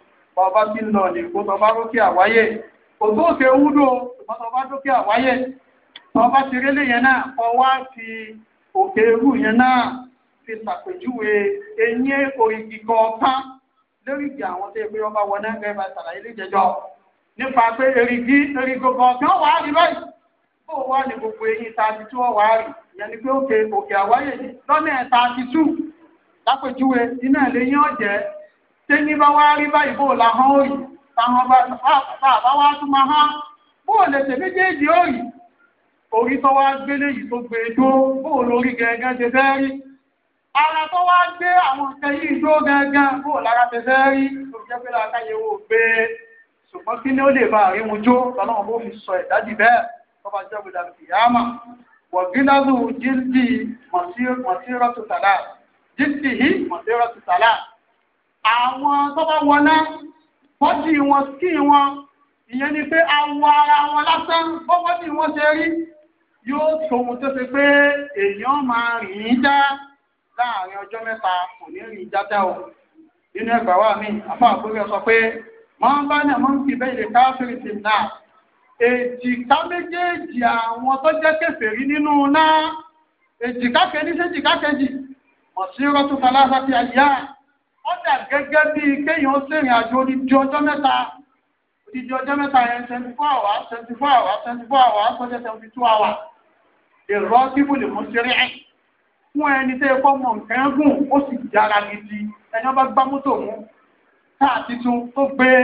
Speaker 1: bàbá ti lọ nìkó tọba rókè àwáyé kò tó ṣe wúdò ṣùgbọ́n tọba dókè wáyé tọba ti rélé yẹn náà ọwá fi òkè ewu yẹn náà fi ṣàpèjúwe eyín òrìkì kọ̀ọ̀kan lórí ìgbà àwọn tó yẹ pé wọ́n bá wọná gẹ́gẹ́ bá nípa pé erigi erigo wà á rí báyìí ní gbogbo eyín wà á rí ni pé òkè òkè àwáyé tẹ́ni bá wá rí báyìí bó la hán òyì táwọn bá wá tún máa hán bó lè tẹ̀ méjèèjì òyì orí tó wá gbélé yìí tó gbé dó bó lórí gẹ́gẹ́ ṣe fẹ́ rí ara tó wá gbé àwọn nǹkan yìí dó gẹ́gẹ́ bó lára ṣe fẹ́ rí tó jẹ́ pé láàkáyé wò pé ṣùgbọ́n kí ni ó lè máa rí mu jó lọ́nà bó fi sọ ìdájì bẹ́ẹ̀ tó bá jẹ́ gbọdọ̀ kìyàmà wọ̀gílázù jíndì mọ̀sírọ̀ tutàlá jíndì yìí mọ̀sírọ̀ tutàlá àwọn tó bá wọná bọ́dì wọn kí wọn ìyẹn ni pé awọ ara wọn lásán bọ́dì wọn ṣe rí yóò tòun tó ṣe pé èèyàn máa rìn ín já láàrin ọjọ́ mẹ́ta kò ní rìn jájá o nínú ẹgbàá wa mi àfọ àgbóyọ sọ pé wọ́n bá ní àwọn fi bẹ́ẹ̀ lè káfíìrì sí náà èjìká méjèèjì àwọn tó jẹ́ kèfèrí nínú náà èjìká kẹ́ni sí èjìká kejì mọ̀ sí rọ́tún falásá ti àyíyá ọ̀dà gẹ́gẹ́ bíi kéèyàn sẹ́rìn àjò odidi ọjọ́ mẹ́ta odidi ọjọ́ mẹ́ta yẹn twenty four hours twenty four hours twenty four hours kọjá seventy two hours èrò kíbù lè mú sẹ́rìn ẹ̀ fún ẹni tẹ́ ẹ kọ́ mọ̀ nǹkan gùn ó sì yára gidi ẹni ọba gbá mọ́tò mú táà titun tó gbé e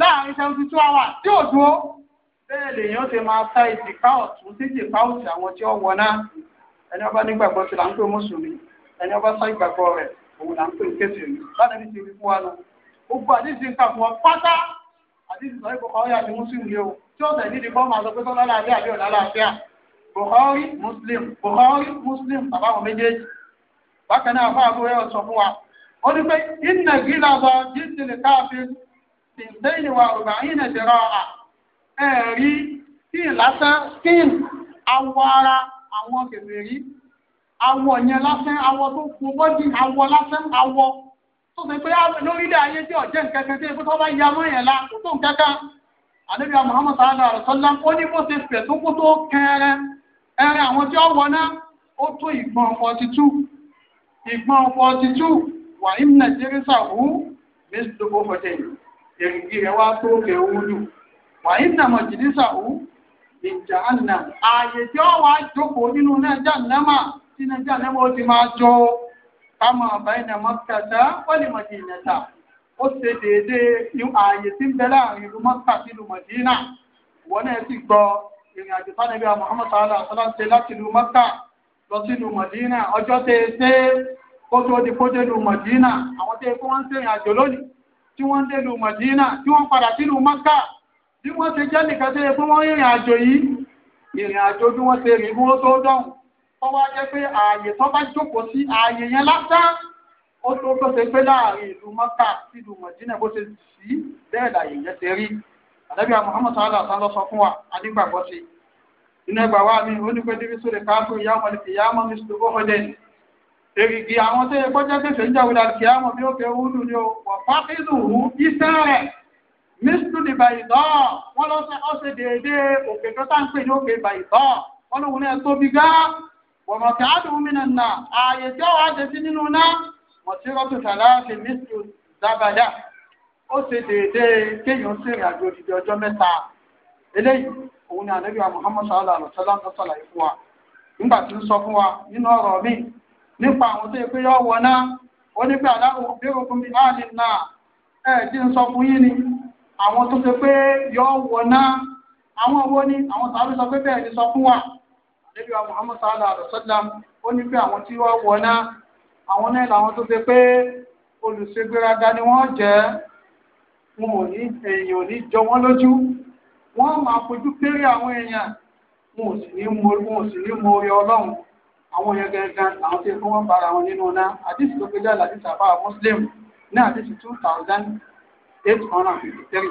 Speaker 1: láàrin seventy two hours tí ò dúró bẹ́ẹ̀ lèèyàn ti máa ta ìdìká ọ̀tún sí ìdìká òsì àwọn tí ó wọ náà ẹni ọba nígbàgbọ́ ti là ń pè mùsùlùmí ẹni ọba sá ìgbàgbọ́ rẹ̀ òun là ń pè kéṣe rí lánàá ti fi fún wa lọ gbogbo àdìsí ń kà fún wa pátá àdìsí sọ pé Bukhari àti Muslim ni o tí ó tẹ̀lé ní fọ́ọ̀mù àti pẹ́tọ́ lálàáfíà àbí ọ̀là àlàáfíà Bukhari Muslim Muslim bàbá wọn méjèèjì bákan náà fún àbúrò ẹ̀ sọ fún wa ó ní pé ìnà gíga lọ jíjìn lè káàfin tìǹtẹ́yìn wa ọ̀gbà ìnà ìdẹ̀rọ à ẹ̀rí kí ìlàsán kí awọ ara àwọn kèfèrí awọ yẹn lásán awọ tó kún bọ́dì awọ lásán awọ tó ṣe pé ah, lórílẹ̀ ayé tí ọ̀jẹ̀ nkankan tí ebi tó bá ya mọ́ yẹn la kó tó nkankan àlebi Muhammad sallallahu alaihi wasallam ó ní bó ṣe fẹ̀ tó kó tó kẹrẹ ẹrẹ àwọn tí ó wọ náà ó tó ìgbọ̀n forty two ìgbọ̀n forty two wà ní nàìjíríà sàwù méjì tó kó fọ̀tẹ̀ èrìgì rẹ̀ wá tó kẹ̀ wúlù wà ní nàìjíríà sàwù ìjà ànà ààyè tí ó wà jókòó nínú náà jà nàmà tí nàìjíríà lẹ́mọ̀ ó ti máa jọ kámọ̀ àbáyìnà mọ́kàtà wọ́lì mọ̀dínẹ̀ta ó ṣe déédéé ààyè tí ń bẹ láàrin ìlú mọ́kà sí ìlú mọ̀dínà ìwọ náà sì gbọ́ ìrìn àjò fánàbí Muhammad sàálà sọlá ṣe láti ìlú mọ́kà lọ sí ìlú mọ̀dínà ọjọ́ tẹ ẹ ṣe kó tó di kó dé ìlú mọ̀dínà àwọn tẹ ẹ kó wọ́n ń ṣèrìn àjò lónìí tí wọ́n ń dé ìlú mọ̀dínà tí wọ́n padà sí ìlú mọ́kà bí wọ́n ṣe jẹ́ nìkan tẹ ẹ pé wọ́n rìnrìn àjò yìí ìrìn àjò bí wọ́n ṣe rìn bí wọ́n tó dọ̀hùn ọwọ́ ajẹ́ pé ààyè tó bá jókòó sí ààyè yẹn lásán ó tó tó ṣe pé láàrin ìlú mọ́ta sí ìlú mọ̀dínà bó ṣe sí bẹ́ẹ̀ láàyè yẹn ṣe rí àdàbí àwọn Muhammad sallallahu alaihi wasallam sọ fún wa anígbàgbọ́ sí inú ẹgbàá wa mi ó ní pé débi sóde káàtó ìyá ọmọ ní ìyá ọmọ mi sì tó kọ́ èrìgì àwọn tó yẹ kọjá tẹsẹ̀ ń jáwé láti kíá mọ̀ bí ó fẹ́ wúlù ni ó wà fáfíìlù hù iṣẹ́ rẹ̀ mísùn ní bàyìtọ́ wọ́n lọ́sẹ̀ ọ̀sẹ̀ déédéé òkè tó tá ń pè ní òkè bàyìtọ́ wọ́n lóhun náà tóbi gáà wọ̀mọ̀ kí ádùn mí nà ààyè tí ọ̀wá ṣe sí nínú náà mọ̀tírọ́tù tàlàáfì mísù dábàdà ó ṣe déédéé kéèyàn sí ìrìn àjò òdìdí ọjọ́ mẹ́ta eléyìí òun ni ànábì wa Muhammad sallallahu alaihi wasallam tó sàlàyé fún wa nígbà tí ń sọ fún wa nínú ọ̀rọ̀ mi nípa àwọn wa Nabi Muhammad sallallahu alaihi wasallam ó ní pé àwọn tí wọ́n wọná àwọn náà làwọn tó ṣe pé olùṣègbéraga ni wọ́n jẹ́ wọn ò ní èèyàn ò ní jọ wọ́n lójú wọ́n máa fojú kéré àwọn èèyàn wọn ò sì ní mọ wọn ò sì ní mọ orí ọlọ́run àwọn èèyàn gangan àwọn tí wọ́n bára wọn nínú náà àdìsí tó fi jáde àdìsí àbá Muslim ní àdìsí two thousand eight hundred and fifty three.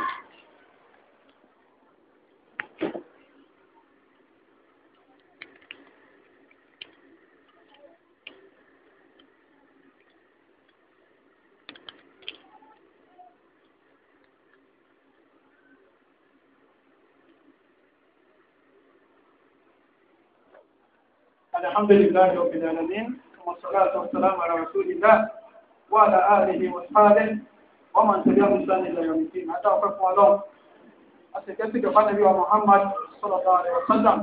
Speaker 1: الحمد لله رب العالمين والصلاة والسلام على رسول الله وعلى آله وصحبه ومن تبعهم بإحسان يوم الدين حتى وقفوا لهم أتكتك النبي محمد صلى الله عليه وسلم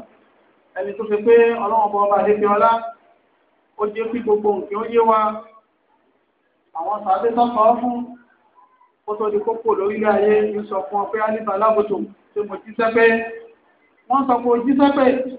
Speaker 1: ẹni tó fi pé ọlọ́run bọ́ ọba àdékè ọlá ó jẹ́ kí gbogbo nǹkan ó yé wa àwọn sàbẹ́ sọ́kọ̀ fún ó tó di kókó lórílẹ̀ ayé ń sọ fún ọ pé lábòtò tí mo jí sẹ́pẹ́ wọ́n sọ pé o jí sẹ́pẹ́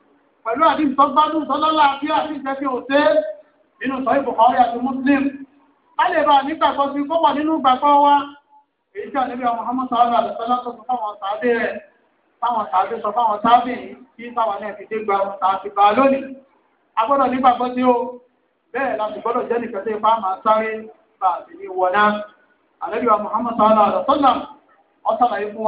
Speaker 1: pẹ̀lú àdín tó gbádùn tó lọ́la bí àdín jẹ́ fi òṣè nínú sọ ìbùkọ́rí àti muslim a lè bá nígbàgbọ́ sí kó wà nínú ìgbàgbọ́ wa èyí tí àníbi àwọn Muhammad sàárà àlùsọ́lá tó sọ fáwọn sàábé rẹ̀ fáwọn sàábé sọ fáwọn sàábé yìí kí sáwọn náà fi dé gba àwọn sàábé bá a gbọ́dọ̀ nígbàgbọ́ sí o bẹ́ẹ̀ láti gbọ́dọ̀ jẹ́ nìkan tó ipá máa sáré bá àti ní wọná àníbi àwọn Muhammad sàárà àlùsọ́lá ọ̀sán àyè fún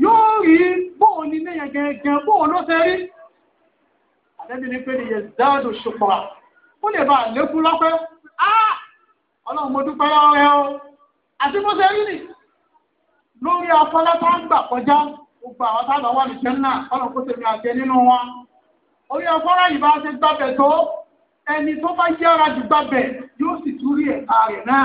Speaker 1: yóò rí bóun ní ní yẹn gẹ̀ẹ́gẹ́ bóun ló ṣe rí àdẹ́bí ní pé ní yẹn dáàdù ṣùpọ̀ ó lè bá àlékún lọ́pẹ́ á ọlọ́run mo dúpẹ́ lọ́wọ́ rẹ o àti bó ṣe rí nì lórí afọlá tó ń gbà kọjá gbogbo àwọn tábà wà ní jẹ́nà ọlọ́run kó tèmi àjẹ nínú wọn orí afọlá yìí bá ṣe gbàbẹ̀ tó ẹni tó bá yára jù gbàbẹ̀ yóò sì túrí ẹ̀ ààrẹ náà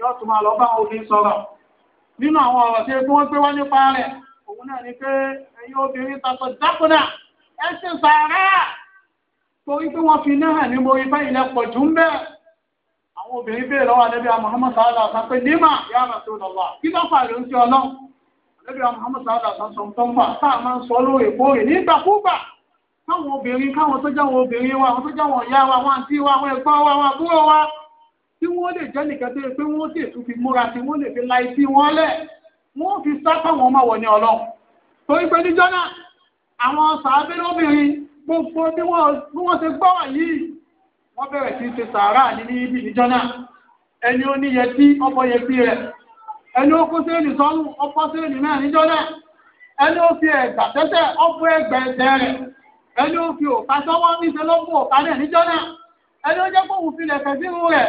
Speaker 1: yóò tún lọ bá àwọn obìnrin nínú àwọn ọ̀rọ̀ tí wọ́n gbé wá nípa rẹ̀ òun náà ni pé ẹ̀yin obìnrin tàtọ̀ dákúnà ẹ sì sàárà torí pé wọ́n fi náà ní mo ibà ilẹ̀ pọ̀ jù ń bẹ́ẹ̀ àwọn obìnrin bèèrè lọ́wọ́ àdébí Muhammad sàálà obìnrin káwọn tó jáwọn obìnrin wa àwọn tó jáwọn ìyá wa wọn àti wa wọn ẹ̀gbọ́n wa wọn àbúrò wa tí wọ́n lè jẹ́ nìkan tó yẹ pé wọ́n sì tún fi múra sí wọ́n lè fi la etí wọn lẹ̀ wọ́n fi sá fáwọn ọmọ wọ̀ ní ọlọ́run torí pé níjọ́ náà àwọn sàábé lóbìnrin gbogbo bí wọ́n ṣe gbọ́ wà yìí wọ́n bẹ̀rẹ̀ sí ṣe sàárà ní ní ibi níjọ́ náà ẹni ó níyẹ tí ọkọ̀ yẹ fi rẹ̀ ẹni ó kó séèlì sọ́run ọkọ̀ séèlì náà níjọ́ náà ẹni ó fi ẹ̀gbà tẹ́tẹ́ ọkọ̀ ẹgbà ẹ̀tẹ́ rẹ̀ ẹni ó fi òkà sọ́wọ́ níṣẹ́ lọ́gbọ̀n òkà náà níjọ́ náà ẹni ó jẹ́ kóhùn filẹ̀ fẹ́ sínú rẹ̀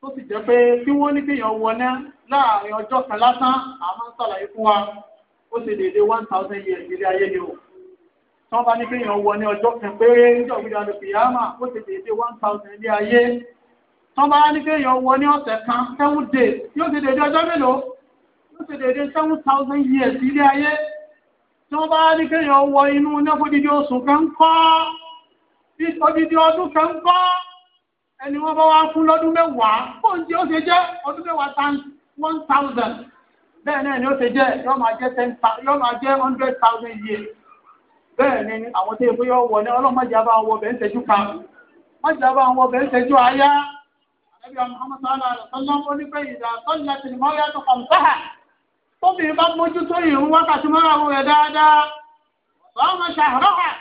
Speaker 1: tó sì jẹ́ pé bí wọ́n ní kéèyàn wọná láàrin ọjọ́ kan lásán àmọ́ ń sàlàyé fún wa ó ṣe déédéé one thousand years nílé ayé ni o tí wọ́n bá ní kéèyàn wọ ní ọjọ́ kan péré níjọ́ ìgbìyànjú àdùkù yàrá ó ṣe déédéé one thousand nílé ayé tí wọ́n bá ní kéèyàn wọ ní ọ̀sẹ̀ kan seven days yóò ṣe déédéé ọjọ́ mélòó yóò ṣe déédéé seven thousand years nílé ayé tí wọ́n bá ní kéèyàn wọ inú náfọ́dídí oṣù kan kọ́ odidi ọdún kan kọ́ ẹni wọ́n bá wá fún lọ́dún mẹ́wàá bó ń jẹ́ ó ṣe jẹ́ ọdún mẹ́wàá times one thousand bẹ́ẹ̀ náà ni ó ṣe jẹ́ yọ́ máa jẹ́ ten yọ́ máa jẹ́ hundred thousand years
Speaker 2: bẹ́ẹ̀ ni àwọn tó yẹ pé
Speaker 1: yọ wọ ní ọlọ́mọdé àbá wọ bẹ́ẹ̀ ń tẹ́jú kan mọ́jà àbá wọ bẹ́ẹ̀ ń tẹ́jú ayá ẹbí Muhammad sallallahu alaihi wasallam ó ní pé ìdá sọ́jà tì ní mọ́rí àti kọ̀ǹtàhà tóbìnrin bá mójú tó ìrún wákàtí mọ́ra wọ rẹ̀ dáadáa ọ̀sán ọmọ ṣàhárọ̀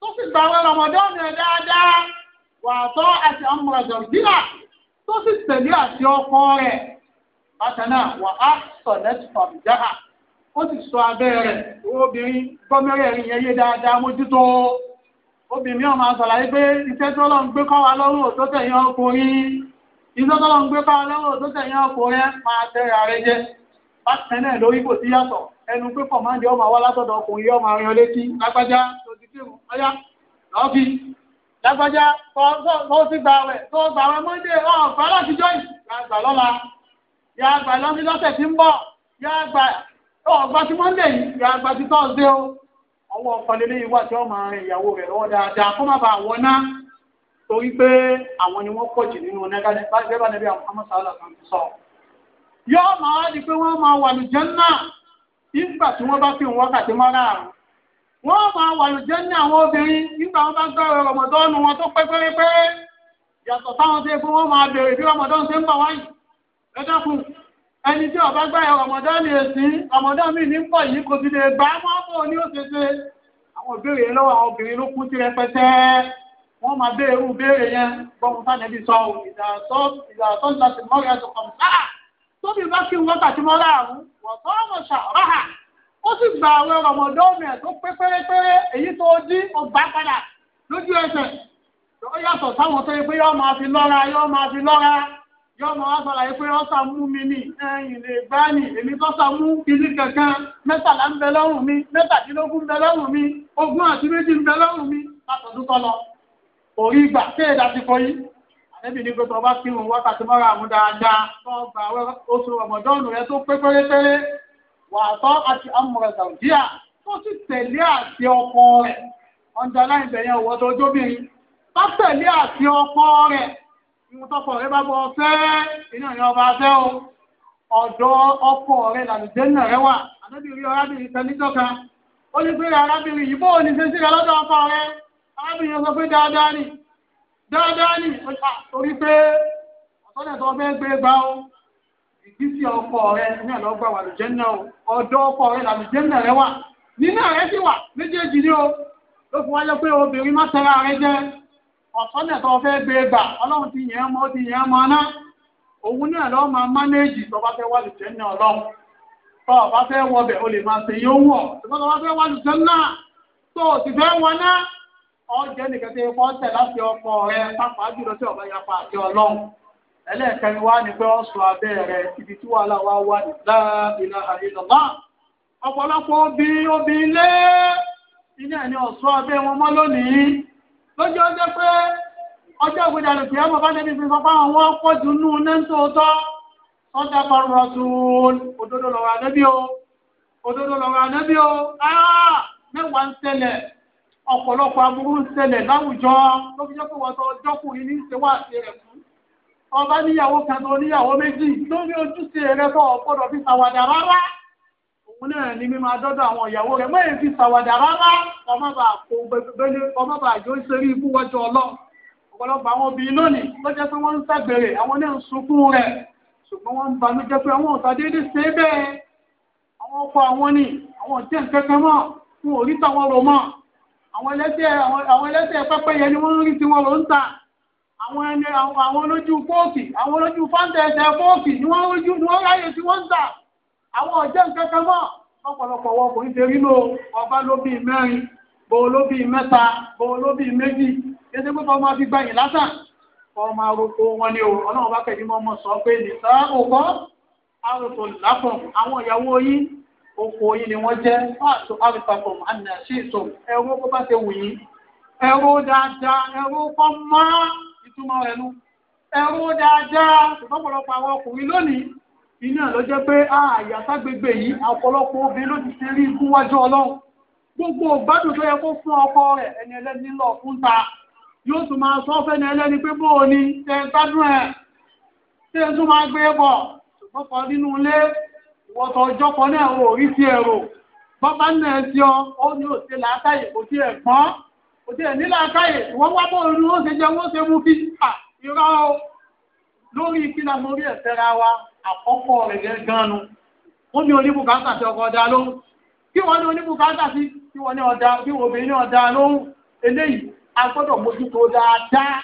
Speaker 1: tó wàtọ́ àti ọmọrọ̀jọ̀ bílà tó sì tẹ̀lé àti ọkọ rẹ̀ bákan sọ ó sì sọ abẹ́ rẹ̀ obìnrin gbọ́mẹ́rẹ́ rìn dáadáa mójútó obìnrin ọmọ pé iṣẹ́ tó lọ́n gbé kọ́ wa lọ́rùn ò tẹ̀yìn ọkùnrin iṣẹ́ tó lọ́n gbé kọ́ wa lọ́rùn ò tẹ̀yìn ọkùnrin máa tẹ̀rẹ̀ ààrẹ jẹ bákan lórí kò sí yàtọ̀ ẹnu pé ọmọ lágbájá tó ti gbà wẹ̀ tó gbà wẹ̀ mọ́ndé ọ̀gbà láti jọ́ yìí yá gbà lọ́la yá gbà lọ́ní lọ́sẹ̀ tí ń bọ̀ yá gbà ọ̀gbà ti mọ́ndé yìí yá gbà ti tọ́sídé o ọwọ́ ọ̀pọ̀lẹ́lẹ́ yìí wà tí wọ́n máa rin ìyàwó rẹ̀ lọ́wọ́ dáadáa kó má bàa wọ́n ná torí pé àwọn ni wọ́n pọ̀ jù nínú nẹ́gàdẹ́ bá ìgbẹ́ bá nẹ́bí àwọn ọmọ sàálà kan ti sọ yóò máa di pé wọ́n máa wà lùjẹ́ náà nígbà tí wọ́n bá fi wọ́n máa wà ló jẹ́ ní àwọn obìnrin nígbà wọn bá gbọ́ rọmọdọ́nù wọn tó pẹ́ pérépé yàtọ̀ táwọn tó yẹ kó wọ́n máa béèrè bí rọmọdọ́nù ṣe ń bọ̀ wáyìí ẹ dákun ẹni tí ọba gbá ẹ rọmọdọ́nù èsì rọmọdọ́nù mi ní pọ̀ yìí kò sì lè gbà á mọ́ fún oní òṣèṣe àwọn ìbéèrè yẹn lọ́wọ́ àwọn obìnrin ló kú sí rẹpẹtẹ wọ́n máa béèrè irú béèrè yẹn gbọ́n sánẹ́bí sọ ìdàtọ́ ìdàtọ́ ìdàtọ́ ah! ìmọ̀rẹ́ ó sì gba àwọn rọmọdọ́ọ̀nù ẹ̀ tó pé pérépéré èyí tó dín ọgbà padà lójú ẹsẹ̀ ó yàtọ̀ táwọn tó yẹ pé yọ́ máa fi lọ́ra yọ́ máa fi lọ́ra yọ́ máa wá sọ̀rọ̀ pé ọ̀sà mú mi ní ẹ̀yìn lè gbá ní èmi tọ́sà mú ilé kankan mẹ́tàlá ń bẹ lọ́rùn mi mẹ́tàdínlógún ń bẹ lọ́rùn mi ogún àti méjì ń bẹ lọ́rùn mi látọ̀dún tọ́ lọ orí ìgbà kéèdà ti kọ yìí àdébì ní gbogbo ọba kírun wákàtí mọ́ra àwọn dáadáa tó gba oṣù ọmọdọ́ọ̀nù rẹ tó pé pérépéré wà á tọ́ àti amúra sàwùjíà tó sì tẹ̀lé àti ọkọ rẹ̀ ọ̀njà láìpẹ́ yẹn òwò tó jóbìnrin bá tẹ̀lé àti ọkọ rẹ̀ ìwọ̀n tọkọ rẹ̀ bá bọ̀ fẹ́ iná ìyẹn ọba fẹ́ o ọ̀dọ̀ ọkọ rẹ̀ làlùjẹ́nà rẹ̀ wà àdébìnrin arábìnrin tẹ níjọ́ka ó ní pé arábìnrin yìí bó o ní ṣe sí lọ́dọ̀ ọkọ rẹ̀ arábìnrin sọ pé dáadáa ni dáadáa ni ìgbésí ọkọ rẹ náà lọ gbà wà lùjẹ́nà o ọkọ rẹ làlùjẹ́nà rẹ wà nínú rẹ sì wà méjèèjì ni o ló fi wáyé pé obìnrin má tẹ́ra rẹ jẹ́ tó fẹ́ gbé gbà ọlọ́run ti yẹn mọ́ ti yẹn mọ́ òun náà lọ́ máa mánéèjì tó bá fẹ́ wà lùjẹ́nà ọlọ́run tó bá fẹ́ wọbẹ̀ o lè máa ṣèyí owó ọ̀ tó bá fẹ́ wà lùjẹ́nà tó o fẹ́ nìkan fọ́ tẹ̀ láti ọkọ rẹ pápá jùlọ yapa àti ọlọ́run ẹlẹ́ẹ̀kẹrin wá ní pé wọ́n sọ abẹ́ rẹ̀ ibi tí wàhálà wá wà ní láàbìlà àìlọ́lá ọ̀pọ̀lọpọ̀ obì obì ilé ilé ẹni ọ̀ṣọ́ abẹ́ wọn mọ́ lónìí lójú ọjọ́ pé ọjọ́ ìgbéjà lè fi ẹmọ bá débi fi sọ fáwọn wọn pọ̀ jù nú nẹ́ńtò tọ́ sọ́jà pariwo tún òdodo lọ́wọ́ àdébí o òdodo lọ́wọ́ àdébí o mẹ́wàá ń ṣẹlẹ̀ ọ̀pọ̀lọpọ̀ aburú ń ṣẹlẹ̀ láwùjọ ló fi jẹ́ pé wọ́n sọ ní ìṣẹ́wà àti ẹ̀kú ọba níyàwó kan tó níyàwó méjì lórí ojúṣe rẹ bọ̀ ọ̀gbọ́dọ̀ fi ṣàwàdà rárá òun náà ni mímọ adọ́dọ̀ àwọn ìyàwó rẹ̀ mọ́ èyí fi ṣàwàdà rárá ọmọ bàá kó gbẹgbẹ́lé ọmọ bàá jó ṣeré ikú wájú ọlọ́ọ̀ ọ̀pọ̀lọpọ̀ àwọn obìnrin lónìí ló jẹ́ pé wọ́n ń ṣàgbèrè àwọn náà ń sunkún rẹ̀ ṣùgbọ́n wọ́n ń banú jẹ́ pé àwọn ọ̀tá déédé ṣe é bẹ́ẹ̀ àwọn ọkọ àwọn ni àwọn ọ̀tí ẹ̀kẹ́kẹ́ mọ̀ fún orí táwọn rò mọ̀ àwọn ẹlẹ́sẹ̀ pẹ́pẹ́yẹ ni wọ́n ń rí tiwọn ló ń ta àwọn ẹni àwọn olójú fóòkì àwọn olójú fáńtẹ̀ẹ̀sẹ̀ fóòkì ni wọ́n rójú ni wọ́n ráyè tí wọ́n ń tà àwọn ọ̀jẹ́ nǹkan kan mọ́ ọ̀pọ̀lọpọ̀ wọ ọkùnrin ṣe rí lò ọba ló bíi mẹ́rin bo ló bíi mẹ́ta bo ló bíi méjì kéde pé ọmọ fi gbẹ̀yìn lásán ọmọ aroko wọn ni o ọlọ́run bá kẹ́ni mọ́ sọ pé nìta òkọ́ àròtò lápọ̀ àwọn ìyàwó yín oko yín ni wọ́n jẹ́ fáàtò àrùpapọ̀ ṣe wù ẹ̀rọ dáadáa ẹ̀rọ kọ́ máa túmọ̀ rẹ̀ nu ẹ̀rù dáadáa ọ̀pọ̀lọpọ̀ àwọn ọkùnrin lónìí iná ló jẹ́ pé àyàtá gbègbè yìí ọ̀pọ̀lọpọ̀ obìnrin ló ti ṣe rí ikú wájú ọlọ́run gbogbo ìgbádùn tó yẹ kó fún ọkọ rẹ̀ ẹni ẹlẹ́ni lọ fún ta yóò tún máa sọ fẹ́ni ẹlẹ́ni pé bóò ni ṣe ń gbádùn ẹ̀ ṣe ń tún máa gbé e bọ̀ ṣùgbọ́n kan nínú ilé ìwọ̀tọ̀ ọjọ́ kan náà ò rí ti ẹ̀rọ bọ́bá náà ti ọ ó ní òṣèlú òtí ẹ̀ nílà káyè wọ́n wá bọ́ orí wọ́n ṣe jẹ́ wọ́n ṣe mú fi à irọ́ o lórí ìpínlẹ̀ mórí ẹ̀fẹ́ra wa àkọ́kọ́ rẹ̀ gẹ́ gánu wọ́n ní oníbùkátà sí ọkọ̀ ọ̀dà lóhùn kí wọ́n ní oníbùkátà sí kí wọ́n ní ọ̀dà kí wọ́n obìnrin ní ọ̀dà lóhùn eléyìí a gbọ́dọ̀ mójútó dáadáa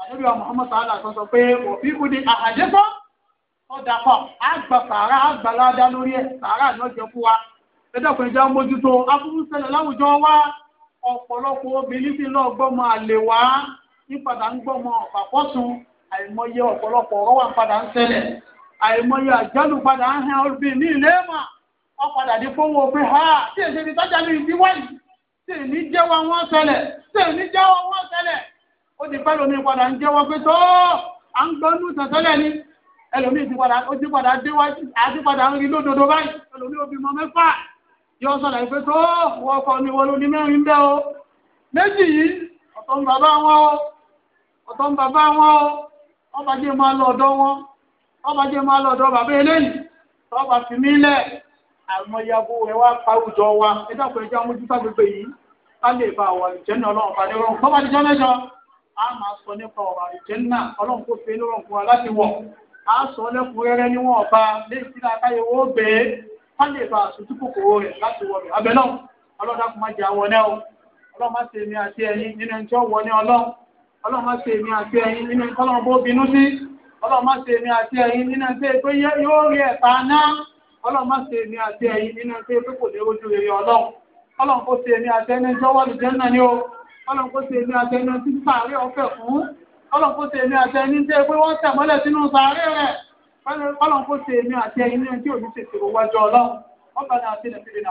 Speaker 1: àdébí wa Muhammad sallá sọ sọ pé òbí kú ni àhàjẹ́fọ́ ọ̀dà pọ̀ á gba sàárà á gbaládá lórí ẹ̀ sàárà náà jẹ́ fún wa ẹ̀dọ́kùnrin jẹ́ mójútó afúrúsẹ̀lẹ̀ láwùjọ wa ọ̀pọ̀lọpọ̀ obìnrin ti lọ gbọ́mọ àlè wá ní padà ń gbọ́mọ ọ̀pàpọ̀sùn àìmọye ọ̀pọ̀lọpọ̀ ọ̀rọ̀ wà padà ń sẹlẹ̀ àìmọye àjálù padà ń hẹ́ ọ́bí ní ilé mà padà tí èsì ti ní ìdí wáyé tí ni ẹlòmíì ti padà ó ti padà àti yóò sọ̀rọ̀ na tó wọ́n kọ́ ní wọ́n ní mẹ́rin bẹ́ o méjì yìí ọ̀tọ̀ ń bàbá wọn o bàbá wọn o ọba jẹ́ máa lọ ọ̀dọ̀ wọn ọba jẹ́ máa lọ ọ̀dọ̀ bàbá eléyìí tọ́ba fi mí lẹ̀ rẹ̀ wá wa yìí ká lè bá ọlọ́run rọrùn tọ́ba a máa sọ nípa ọ̀rọ̀ àlùjẹ́nà ọlọ́run kò wọ́n lè bá àṣojú kòkòrò rẹ̀ láti wọ̀ rẹ̀ abẹ́ náà ọlọ́dà kò má jẹ́ àwọn náà o ọlọ́run má ṣe èmi àti ẹ̀yin nínú ẹni tí wọ ní ọlọ́run ọlọ́run má ṣe èmi àti ẹ̀yin nínú ẹni tọ́lọ́run bó bínú sí ọlọ́run má ṣe èmi àti ẹ̀yin nínú ẹni tí yóò rí ọlọ́run ṣe èmi àti ẹ̀yin ní ojú rere ọlọ́run o kọ́lọ́n kó ṣe èmi àti ẹ̀yin náà tí òbí ṣe ṣe òwájú ọlọ́run wọ́n bá náà ṣe lè fi lè nà